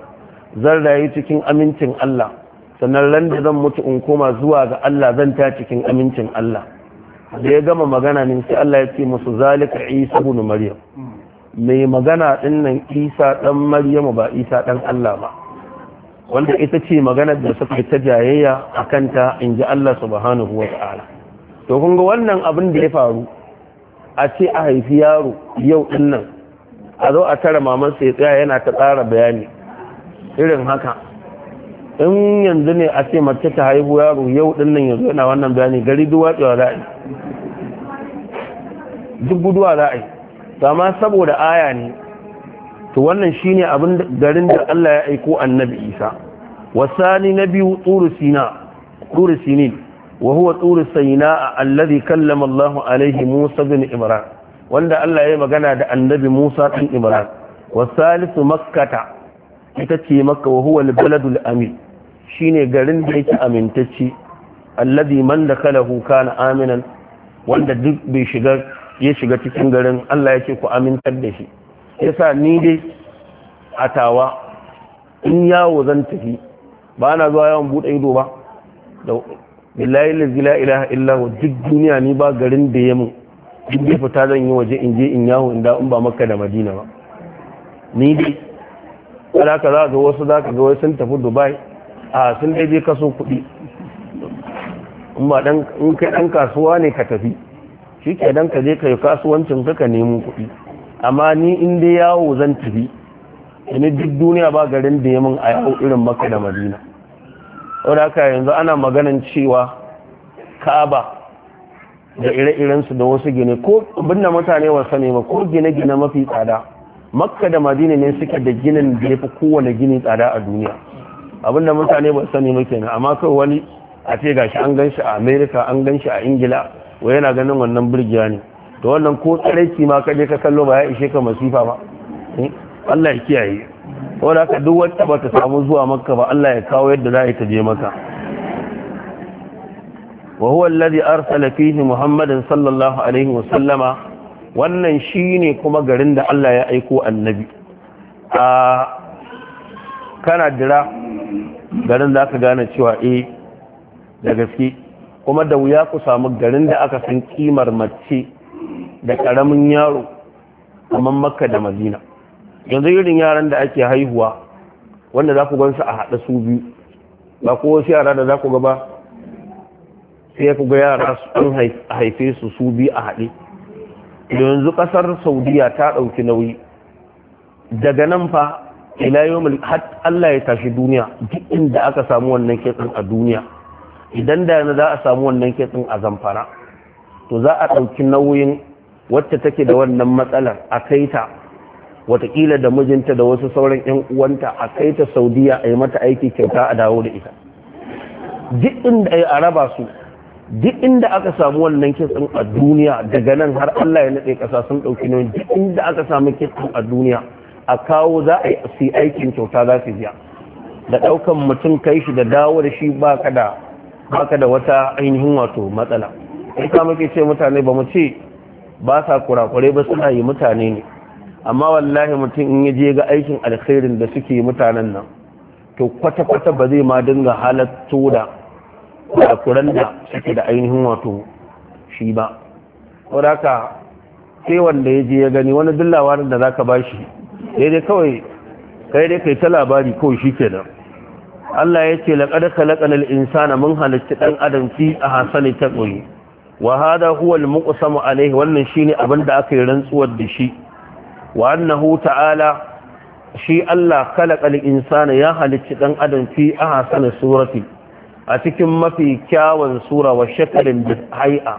Speaker 1: zan rayu cikin amincin Allah sannan ran da zan mutu in koma zuwa ga Allah zan ta cikin amincin Allah da ya gama magana ne sai Allah ya ce musu zalika Isa ibn Maryam mai magana din nan Isa dan maryam ba Isa dan Allah ba wanda ita ce maganar da suka ta jayayya akan ta ji Allah subhanahu ta'ala to kun ga wannan abin da ya faru a ce a haifi yaro yau din nan a zo a tara mamansa ya tsaya yana ta tsara bayani irin haka in yanzu ne a ce mace ta haihu yaro yau din nan yanzu yana wannan bayani gari duwa tsawa za a yi duk guduwa za a yi amma saboda aya ne to wannan shine abin garin da Allah ya aiko annabi Isa wasani na biyu tsuru sina tsuru sinin wa huwa tsuru sina alladhi kallama alaihi Musa bin Imran wanda Allah ya yi magana da annabi Musa bin Imran wasalisu makkata ita ce makka wa huwa al-baladul amin shine garin da yake amintacci alladhi man dakalahu kana aminan wanda duk bai shiga ya shiga cikin garin Allah ya ku amintar da shi yasa ni dai atawa in yawo zan tafi ba na zuwa yawan bude ido ba da billahi la ilaha illa duk duniya ni ba garin da yamu duk da fita zan yi waje in je in yawo in da in ba makka da madina ba ni dai kada ka za ga wasu za ga wasu sun tafi dubai a sun dai kaso kuɗi in kai ɗan kasuwa ne ka tafi shi ke dan ka je ka yi kasuwancin ka ka nemi kuɗi amma ni in dai yawo zan tafi ina duk duniya ba garin da yamin a yawo irin maka da madina wadda haka yanzu ana maganan cewa kaba da ire-irensu da wasu gine ko binne mutane wasa ne ba ko gine-gine mafi tsada makka da madina ne suke da ginin da ya fi kowane gini tsada a duniya abinda mutane ba sani muke na amma kawai wani a ce shi an ganshi a Amerika an ganshi a Ingila wa yana ganin wannan burgiya ne da wannan ko tsaraici ma kaje ka kallo ba ya ishe ka masifa ba eh? Allah ya kiyaye da ka duk wata ba ta samu zuwa makka ba Allah ya kawo yadda za a ta je maka wa huwa alladhi arsala fihi muhammadan sallallahu alaihi wa sallama wannan shine kuma garin da Allah ya aiko annabi a ah, kana dira garin za ka gane cewa e da gaske kuma da wuya ku samu garin da aka san kimar mace da karamin yaro amma makka da madina yanzu irin yaran da ake haihuwa wanda za ku gansu a haɗa su biyu ba ko wasu yara da za ku gaba sai ku ga yara an haife su su biyu a haɗe yanzu ƙasar saudiya ta ɗauki nauyi daga nan fa ila yawmul Allah ya tashi duniya duk inda aka samu wannan kitsin a duniya idan da yana za a samu wannan kitsin a zamfara to za a ɗauki nauyin wacce take da wannan matsalar a kai ta watakila da mijinta da wasu sauran 'yan uwanta a kai ta saudiya a yi mata aiki kyauta a dawo da ita duk inda ya raba su duk inda aka samu wannan kitsin a duniya daga nan har allah ya naɗe ƙasa sun ɗauki nauyin duk inda aka samu kitsin a duniya a kawo za a yi aikin kyauta za su biya da ɗaukan mutum kai shi da dawo da shi ba ka da wata ainihin wato matsala in ka muke ce mutane ba mu ce ba sa kurakure ba suna yi mutane ne amma wallahi mutum in ya je ga aikin alkhairin da suke mutanen nan to kwata-kwata ba zai ma dinga halatto da
Speaker 2: kurakuran da suke
Speaker 1: da ainihin wato shi ba wadaka sai wanda ya je ya gani wani duk za ka ba shi. Daidai kawai kai dai kai ta labari kawai shi kenan Allah ya ce kalaƙa na insana mun halitta ɗan adam fi a hasali ta ƙoyi wa hada huwa al alaihi wannan ne abin da aka yi rantsuwar da shi wa annahu ta'ala shi Allah kalakal insana ya halicci ɗan adam fi ahsana surati a cikin mafi kyawun sura wa shakalin da hai'a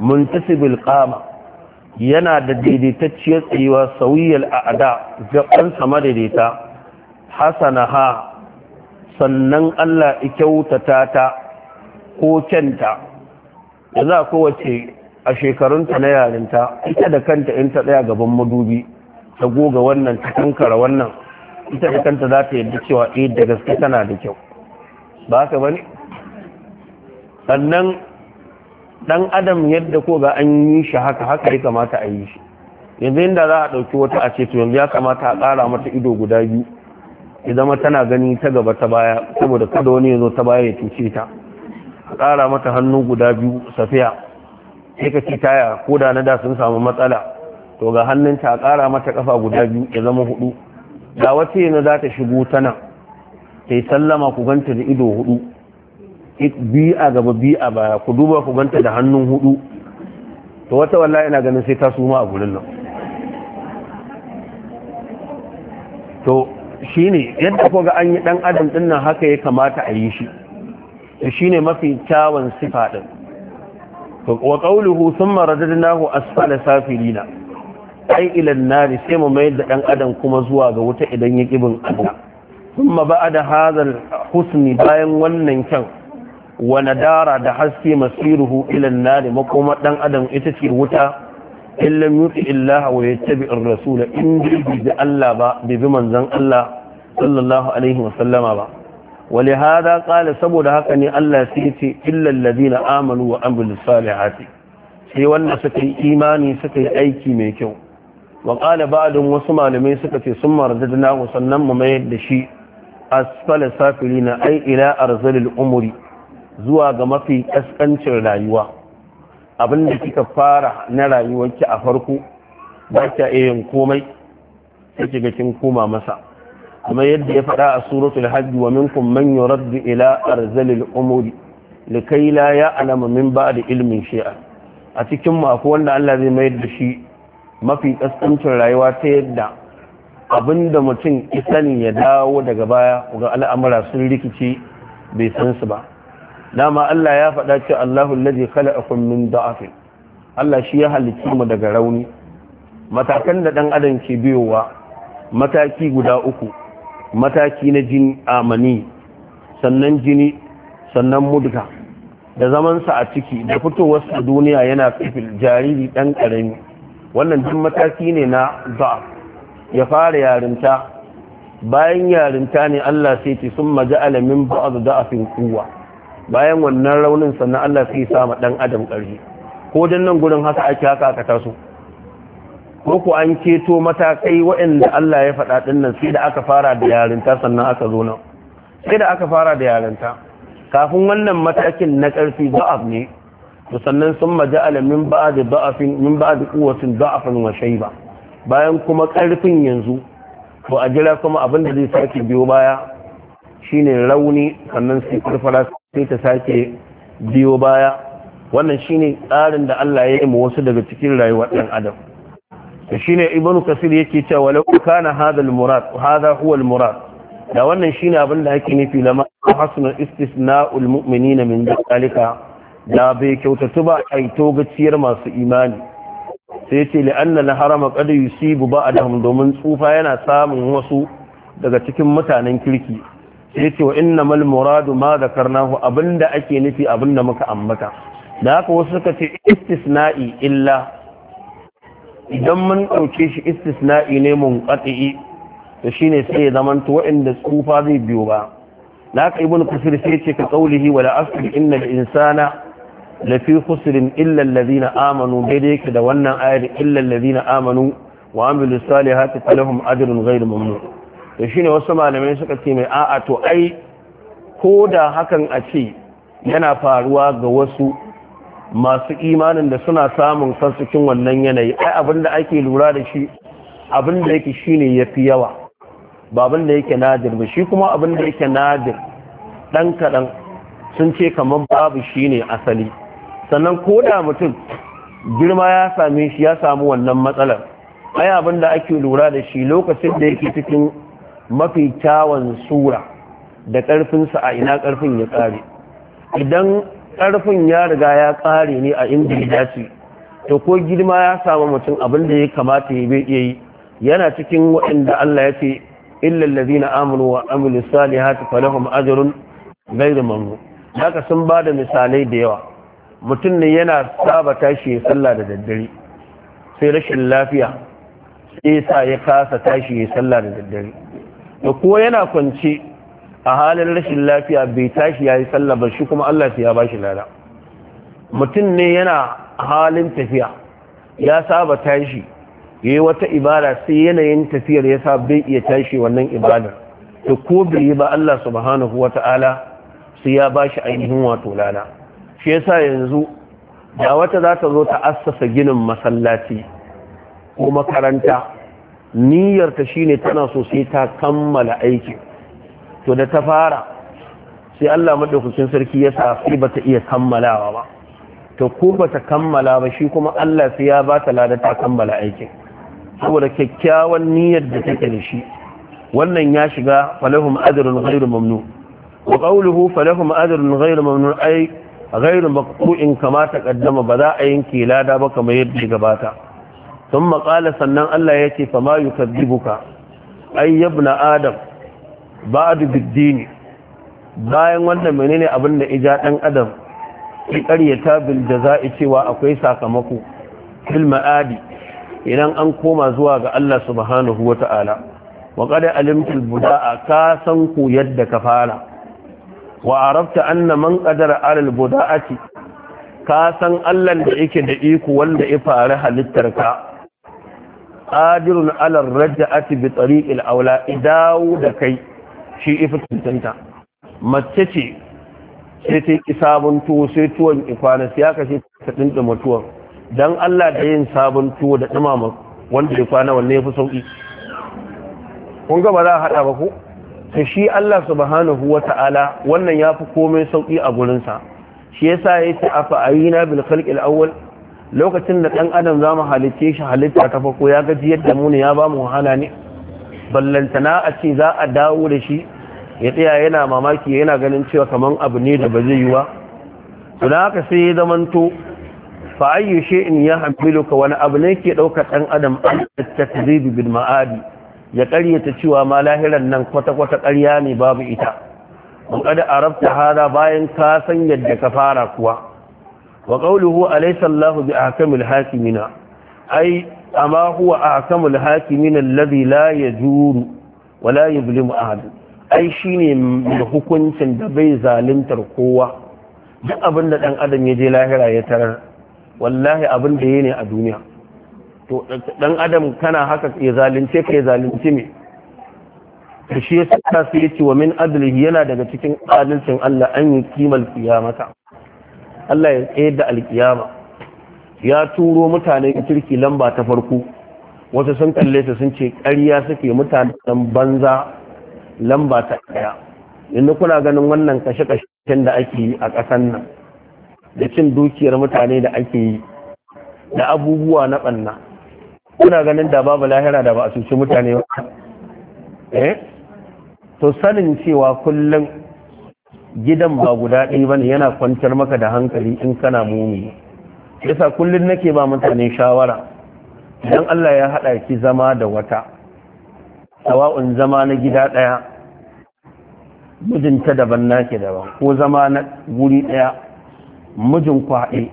Speaker 1: muntasibil qama yana da daidaitacciyar tsayuwa sauyiyar ga gaban sama daidaita hasana ha sannan Allah kyautata ta ko kyanta da za kowace a shekarunta na yarinta ita da kanta in ta tsaya gaban madubi ta goga wannan ta kankara wannan ita da kanta za ta yadda cewa ɗaya eh, da gaske tana da kyau ba ka bane sannan dan adam yadda ko ga an yi shi haka haka ya kamata a yi shi yanzu inda za a ɗauki wata a ce to yanzu ya kamata a ƙara mata ido guda biyu ya zama tana gani ta gaba ta baya saboda kada wani ya zo ta baya ya cuce ta a ƙara mata hannu guda biyu safiya sai ka ci taya ko da na da sun samu matsala to ga hannunta a ƙara mata ƙafa guda biyu ya zama hudu da wata yana za ta shigo tana ta yi sallama ku ganta da ido hudu biya gaba biya ba baya ku duba ku ganta da hannun hudu to wata wallahi ina ganin sai ta suma a gurin nan to shine yadda ko ga an yi dan adam din nan haka ya kamata a yi shi to shine mafi kyawun sifa din to wa qawluhu thumma radadnahu asfala safilina ai ila an-nar sai mu mai da dan adam kuma zuwa ga wuta idan ya kibin abu thumma ba'da hadha husni bayan wannan kyan wa dara da haske masiruhu ilan nari makoma dan adam ita ce wuta illam yuti illaha wa yattabi ar-rasul in bi Allah ba bi bi Allah sallallahu alaihi wa sallama ba ولهذا قال saboda haka ne Allah sai ce illal ladina amanu wa amilus salihati sai wannan suka yi imani suka yi aiki mai kyau wa qala ba'dun wasu malamai suka ce sun marzadna wa sannan mu mayar da shi asfala na ai ila arzalil umri. zuwa ga mafi ƙasƙancin rayuwa abinda kika fara na rayuwarki a farko ba kya iya komai sai kiga kin koma masa kuma yadda ya faɗa a suratul hajji wa minkum man yuraddu ila arzalil umuri likai la ya'lamu min ba'di ilmin shay'a a cikin mu akwai wanda Allah zai mayar da shi mafi ƙasƙancin rayuwa ta yadda abinda mutum isani ya dawo daga baya ga al'amura sun rikici bai san su ba dama Allah ya faɗa ce Allahu allazi kala min da'afin Allah shi ya halicci mu daga rauni matakan da ɗan adam ke biyowa mataki guda uku mataki na jini amani sannan jini sannan mudga da zamansa a ciki da fitowar sa duniya yana kafin jariri ɗan ƙarami. wannan duk mataki ne na za ya fara yarinta bayan yarinta ne Allah sai ce sun maja'ala min ba'adu da'afin kuwa. bayan wannan raunin sannan Allah sai sa ma dan adam ƙarfi ko dan nan gurin haka ake haka aka taso ko ku an keto matakai waɗanda Allah ya faɗa ɗin nan sai da aka fara da yarinta sannan aka zo nan sai da aka fara da yarinta kafin wannan matakin na ƙarfi za'af ne to sannan sun maja'ala min ba'd da'afin min ba'd bayan kuma ƙarfin yanzu to a jira kuma abin da zai sake biyo baya shine rauni sannan sai farfara sai ta sake biyo baya wannan shine tsarin da Allah ya yi mu wasu daga cikin rayuwar ɗan adam da shine ibnu kasir yake cewa walau kana hadha murad hadha huwa murad da wannan shine abin da yake nufi lama hasnu istisna'ul mu'minina min dalika da bai kyautatu ba ai togaciyar masu imani sai yace li anna al harama qad yusibu ba'dahum domin tsufa yana samun wasu daga cikin mutanen kirki sai ce wa inna mal muradu ma zakarnahu abinda ake nufi abinda muka ambata da haka wasu suka ce istisna'i illa idan mun ɗauke shi istisna'i ne mun ƙati'i to shine sai ya zamanto waɗanda tsufa zai biyo ba da haka min kusur sai ce ka qaulihi wala asr inna al insana lafi khusr illa alladhina amanu daidai yake da wannan ayar illa alladhina amanu wa amilu salihati falahum ajrun ghayru mamnun da ne wasu malamai suka ce mai a'a to ai ko da hakan a ce yana faruwa ga wasu masu imanin da suna samun sassukin wannan yanayi ai abin da ake lura da shi abin da yake ya yafi yawa ba abin da yake nadir ba shi kuma abin da yake nadir dan kaɗan sun ce kamar babu shi ne asali sannan ko da mutum girma ya same shi ya samu wannan matsalar ai abin da ake lura da shi lokacin da yake cikin mafi kyawun sura da ƙarfinsa a ina ƙarfin ya ƙare idan ƙarfin ya riga ya ƙare ne a inda ya dace to ko girma ya samu mutum abin da ya kamata ya bai yi yana cikin waɗanda Allah ya ce illal ladina amanu wa amilu salihati falahum ajrun ghairu mamnun haka sun ba da misalai da yawa mutum ne yana saba tashi ya sallah da daddare sai rashin lafiya sai sa ya kasa tashi sallah da daddare da ko yana kwance a halin rashin lafiya bai tashi ya yi sallah ba shi kuma Allah ya ba shi lada mutum ne yana halin tafiya ya saba tashi yayi wata ibada sai yanayin tafiyar ya sa bai iya tashi wannan ibadar to ko bai yi ba Allah subhanahu ta'ala sai ya ba shi ainihin wato lada shi yasa yanzu da wata za ta zo ta assasa ginin masallaci ko makaranta niyyarta shine tana so sai ta kammala aikin to da ta fara sai Allah maɗaukacin sarki ya sa sai bata iya kammalawa ba to ko ta kammala ba shi kuma Allah sai ya bata lada ta kammala aikin saboda kyakkyawan niyyar da take da shi wannan ya shiga falahum ajrun ghairu mamnun wa qawluhu falahum ajrun ghairu mamnun ay ghairu maqtu'in kama taqaddama ba za a yanke lada ba kamar yadda gabata sun maƙala sannan Allah ya ce fama yi kaddibuka ayyab na adam ba a dubiddini bayan wannan menene abin da ija ɗan adam ki ƙaryata bil jaza'i cewa akwai sakamako fil ma'adi idan an koma zuwa ga Allah subhanahu wa ta'ala wa qad alimtul buda'a ka san ku yadda ka fara wa arabta anna man ƙadar alal buda'ati ka san Allah da yake da iko wanda ya fara halittar ka qadirun ala raj'ati bi tariqil aula idawu da kai shi ifitinta mace ce sai ta yi sabon tuwo sai tuwon ikwana sai aka ce ta dinda mutuwan dan Allah da yin sabon tuwo da dumama wanda ya wanne yafi sauki kun ga ba za a hada ba ko sai shi Allah subhanahu wata'ala wannan yafi komai sauki a gurin sa shi yasa yace afa ayina bil khalqil awwal lokacin da ɗan adam za mu halitte shi halitta ta farko ya gaji yadda mu ne ya ba mu wahala ne ballantana a ce za a dawo da shi ya tsaya yana mamaki yana ganin cewa kamar abu ne da ba zai yi wa to haka sai ya zamanto fa ayyu shay'in ya ka wani abu ne ke ɗaukar ɗan adam an takzibi bil ma'adi ya ƙaryata cewa ma lahiran nan kwata-kwata ƙarya ne babu ita mun kada arabta hada bayan ka san yadda ka fara kuwa wa qawluhu alaysa Allahu a ahkamil hakimina ai amma huwa ahkamul hakimin alladhi la yajuru wa la yuzlimu ahad ai shine da hukuncin da bai zaluntar kowa duk abin da dan adam ya je lahira ya tarar wallahi abin da ne a duniya to dan adam kana haka ya zalunce ka ya zalunce me shi yasa sai ya ce wa min yana daga cikin adalcin Allah an yi kimal kiyamata Allah ya tsayar da alkiyama ya turo mutane kirki lamba ta farko wasu sun kalle su sun ce ƙarya suke mutanen banza lamba ta ɗaya inda kuna ganin wannan kashe-kashen da ake yi a ƙasan nan da cin dukiyar mutane da ake yi da abubuwa na ɓanna kuna ganin da babu lahira da ba a cuci mutane ba eh to sanin cewa kullum gidan ba guda ɗaya ba ne. yana kwantar maka da hankali in kana mumi yasa kullum nake ba mutane shawara idan Allah ya haɗa ki zama da wata sawa'un zama na gida ɗaya mijinta daban nake daban ko zama na guri ɗaya mijin kwaɗe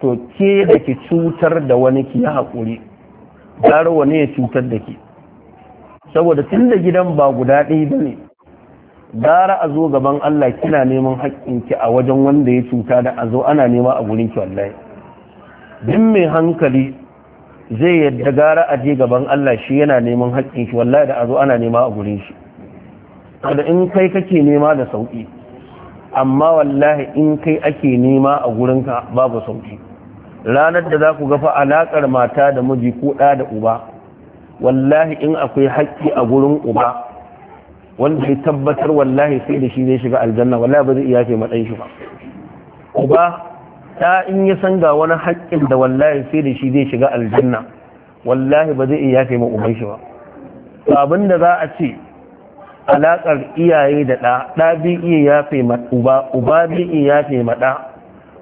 Speaker 1: to ke da ki cutar da wani ki ya haƙuri gara wani ya cutar da ki saboda tun da gidan ba guda ɗaya ba ne gara a zo gaban Allah kina neman haƙƙinki a wajen wanda ya cuta da a zo ana nema a gurinki wallahi din mai hankali zai yadda gara a je gaban Allah shi yana neman haƙƙinki wallahi da a zo ana nema a gurin shi kada in kai kake nema da sauƙi amma wallahi in kai ake nema a gurinka babu sauƙi ranar da za ku gafa alaƙar mata da miji ko ɗa da uba wallahi in akwai haƙƙi a gurin uba wanda ya tabbatar wallahi sai da shi zai shiga aljanna wallahi ba zai iya ce matsayin shi ba uba ta in ya san ga wani haƙƙin da wallahi sai da shi zai shiga aljanna wallahi ba zai iya ce ma uban shi ba to abin da za a ce alaƙar iyaye da ɗa ɗa bi iya yafe ma uba uba bi iya yafe ma ɗa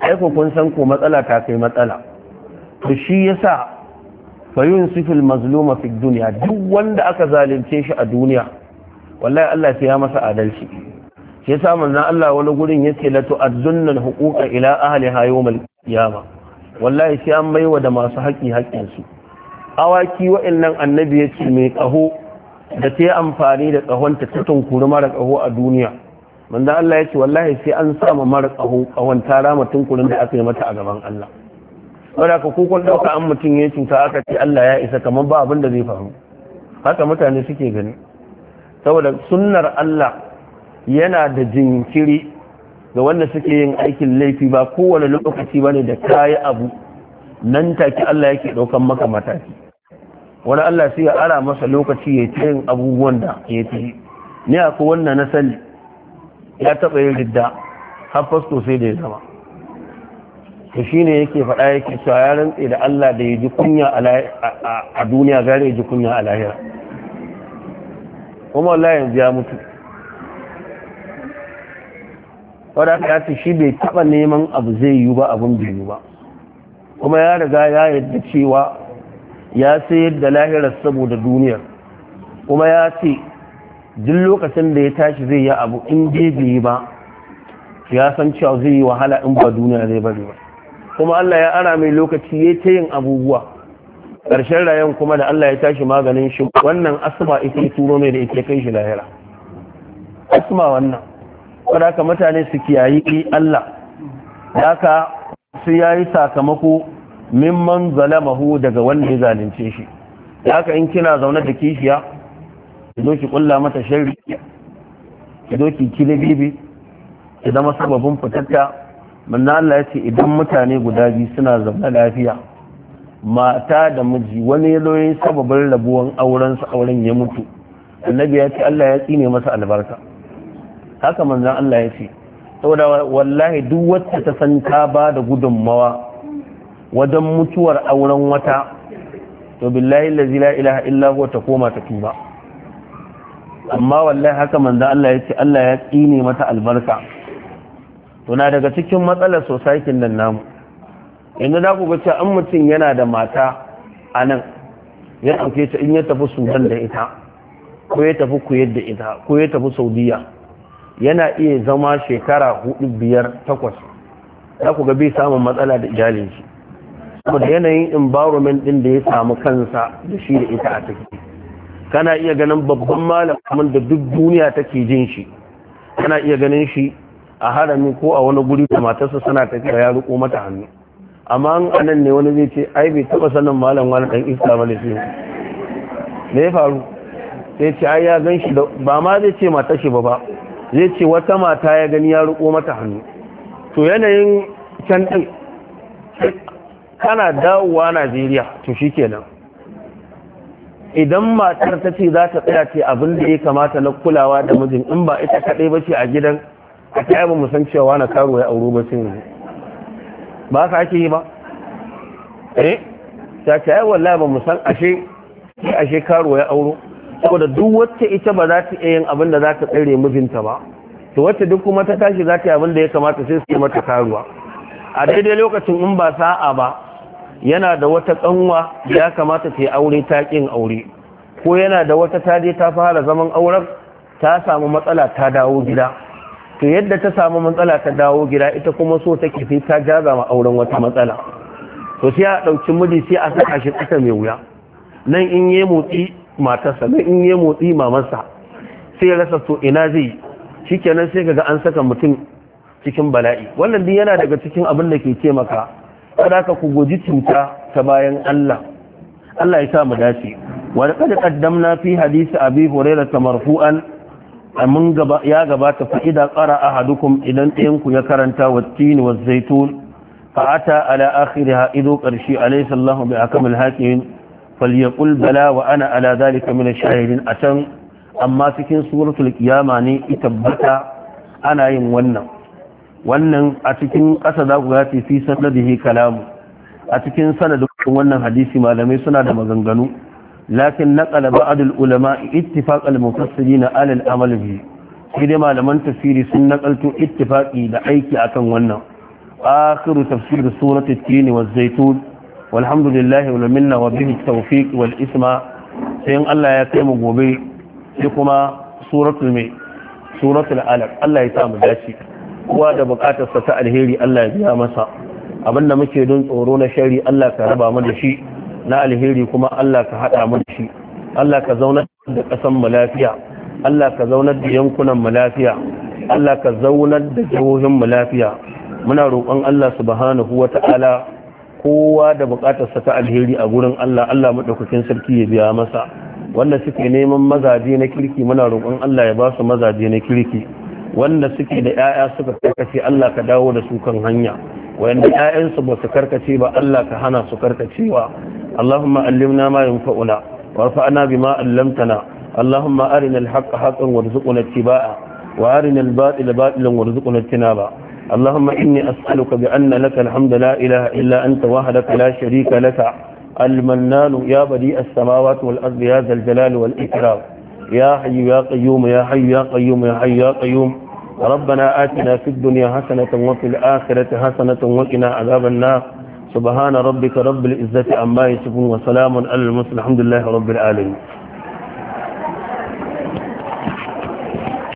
Speaker 1: aiko kun san ko matsala ta kai matsala to shi yasa fayun sifil mazluma fi duniya duk wanda aka zalunce shi a duniya wallahi Allah sai ya masa adalci shi yasa manzon Allah wani gurin ya ce latu al-huquqa ila ahliha yawm al wallahi sai an maiwa da masu haƙi haƙin su awaki wa'annan annabi yace mai kaho da ta yi amfani da kahonta ta tunkuri mara kaho a duniya manzon Allah yace wallahi sai an sama mara kaho kahon ta rama tunkurin da aka yi mata a gaban Allah wanda ka kukun dauka an mutum ya cuta aka ce Allah ya isa kamar ba abin da zai faru haka mutane suke gani saboda sunnar Allah yana da jinkiri ga wanda suke yin aikin laifi ba kowane lokaci bane da kayi abu nan take Allah yake daukan maka mataki wani Allah sai ya ara masa lokaci ya ta yin abubuwan da ya ta yi ni a wannan na sani ya taɓa yin ridda har fasto sai da ya zama to ne yake faɗa yake cewa ya rantse da Allah da ya ji kunya a duniya gare ya ji kunya a lahira kuma wallahi yanzu ya mutu wadda aka yace shi bai taba neman abu zai yi ba abin biyu ba kuma ya riga ya yadda cewa ya sayar da lahirar saboda duniyar kuma ya ce duk lokacin da ya tashi zai yi abu in bai yi ba ya san cewa zai yi wahala in ba duniya zai bari ba kuma Allah ya ara mai lokaci ya ta yin abubuwa ƙarshen rayan kuma da Allah ya tashi maganin shi wannan asma ita ya turo mai da ita kai shi lahira asma wannan wadaka mutane su kiyayi Allah haka su yayi sakamako mimman zalamahu daga wanda ya zalunce shi haka in kina zaune da kishiya ki zo ki kulla mata sharri ki zo ki kile bibi ki zama sababin fitarta manna Allah ya ce idan mutane guda biyu suna zaune lafiya mata da miji wani ya zoye sababin rabuwan auren auren ya mutu annabi ya ce Allah ya tsine masa albarka haka manzon Allah ya ce saboda wallahi duk wacce ta san ta ba da gudunmawa wajen mutuwar auren wata to billahi allazi la ilaha illa huwa ta koma ta tuba amma wallahi haka manzon Allah ya ce Allah ya tsine mata albarka to na daga cikin matsalar society nan namu yanzu za ku ga cewa an mutum yana da mata a nan ya ɗauke ta in ya tafi sudan da ita ko ya tafi kuwait da ita ko ya tafi saudiya yana iya zama shekara hudu biyar takwas za ku ga bai samun matsala da iyalin shi saboda yanayin environment din da ya samu kansa da shi da ita a ciki kana iya ganin babban malamin da duk duniya take jin shi kana iya ganin shi a harami ko a wani guri da matarsa suna tafiya ya riko mata hannu amma an anan ne wani zai ce ai bai taba sanin malam wani dan iska ba shi ne ya faru sai ce ai ya gan shi ba ma zai ce mata shi ba ba zai ce wata mata ya gani ya riko mata hannu to yanayin can din kana dawowa Najeriya to shikenan idan matar ta ce za ta tsaya ce abin da ya kamata na kulawa da mijin in ba ita kaɗai ba ce a gidan a ta yaba musan cewa na karo ya auro ba sai ba ka ake yi ba eh ta ce ai wallahi ba mu san ashe sai ashe karo ya auro saboda duk wacce ita ba za ta iya yin abin da za ta tsare mijinta ba to wacce duk kuma ta tashi za ta yi abin da ya kamata sai su yi mata karuwa a daidai lokacin in ba sa'a ba yana da wata kanwa ya kamata ta yi aure ta kin aure ko yana da wata ta je ta fara zaman auren ta samu matsala ta dawo gida to yadda ta samu matsala ta dawo gida ita kuma so ta kifi ta gaza ma auren wata matsala to sai a ɗauki miji sai a saka shi tsaka mai wuya nan in yi motsi matarsa nan in yi motsi mamarsa sai rasa to ina zai yi. sai kaga an saka mutum cikin bala'i wannan din yana daga cikin abin da ke ce maka kada ka ku guji cuta ta bayan Allah Allah ya sa mu dace wa laqad qaddamna fi hadisi abi hurairah marfu'an mun ya gabata fa ƙara qara ahadukum idan ɗayanku ya karanta wattin wa zaitun fa ala akhiri ha ido ƙarshe alayhi sallahu bi akamil hakimin falyaqul bala wa ana ala dhalika min ash a can amma cikin suratul kiyama ne bata ana yin wannan wannan a cikin ƙasa za ku gaci fi sanadihi kalamu a cikin sanadin wannan hadisi malamai suna da maganganu lakin naqala ba'd al-ulama ittifaq al-mufassirin ala al-amal bi sai dai malaman tafsiri sun nakalto ittifaqi da aiki akan wannan akhiru tafsir surati at-tin wa az-zaytun walhamdulillahi wa minna wa bihi at-tawfiq wal isma sai in Allah ya kai mu gobe sai kuma suratul mai suratul alaq Allah ya sa mu dace kowa da bukatarsa ta alheri Allah ya biya masa abinda muke don tsoro na shari Allah ka raba mu da shi na alheri kuma Allah ka haɗa mu shi Allah ka zaunar da ƙasar mu lafiya Allah ka zaunar da yankunan mu lafiya Allah ka zaunar da jihohin mu lafiya muna roƙon Allah subhanahu wata'ala kowa da sa ta alheri a gurin Allah Allah madaukakin sarki ya biya masa wanda suke neman mazaje na kirki muna roƙon Allah ya ba su mazaje na kirki wanda suke da 'ya'ya suka kai Allah ka dawo da su kan hanya wanda ƴaƴansu ba su karkace ba Allah ka hana su karkacewa Allahumma allimna ma yanfa'una wa fa'na bima allamtana Allahumma arina al-haqqa haqqan warzuqna ittiba'a wa arina al-batila batilan warzuqna ijtinaba Allahumma inni as'aluka bi anna laka al-hamdu la ilaha anta wahdaka la sharika laka al-mannan ya bari as-samawati wal ardi ya zal jalali wal ikram ya hayyu ya qayyum ya hayyu ya qayyum ya hayyu ya qayyum ربنا آتنا في الدنيا حسنة وفي الآخرة حسنة وقنا عذاب النار سبحان ربك رب العزة عما يصفون وسلام على المسلم الحمد لله رب العالمين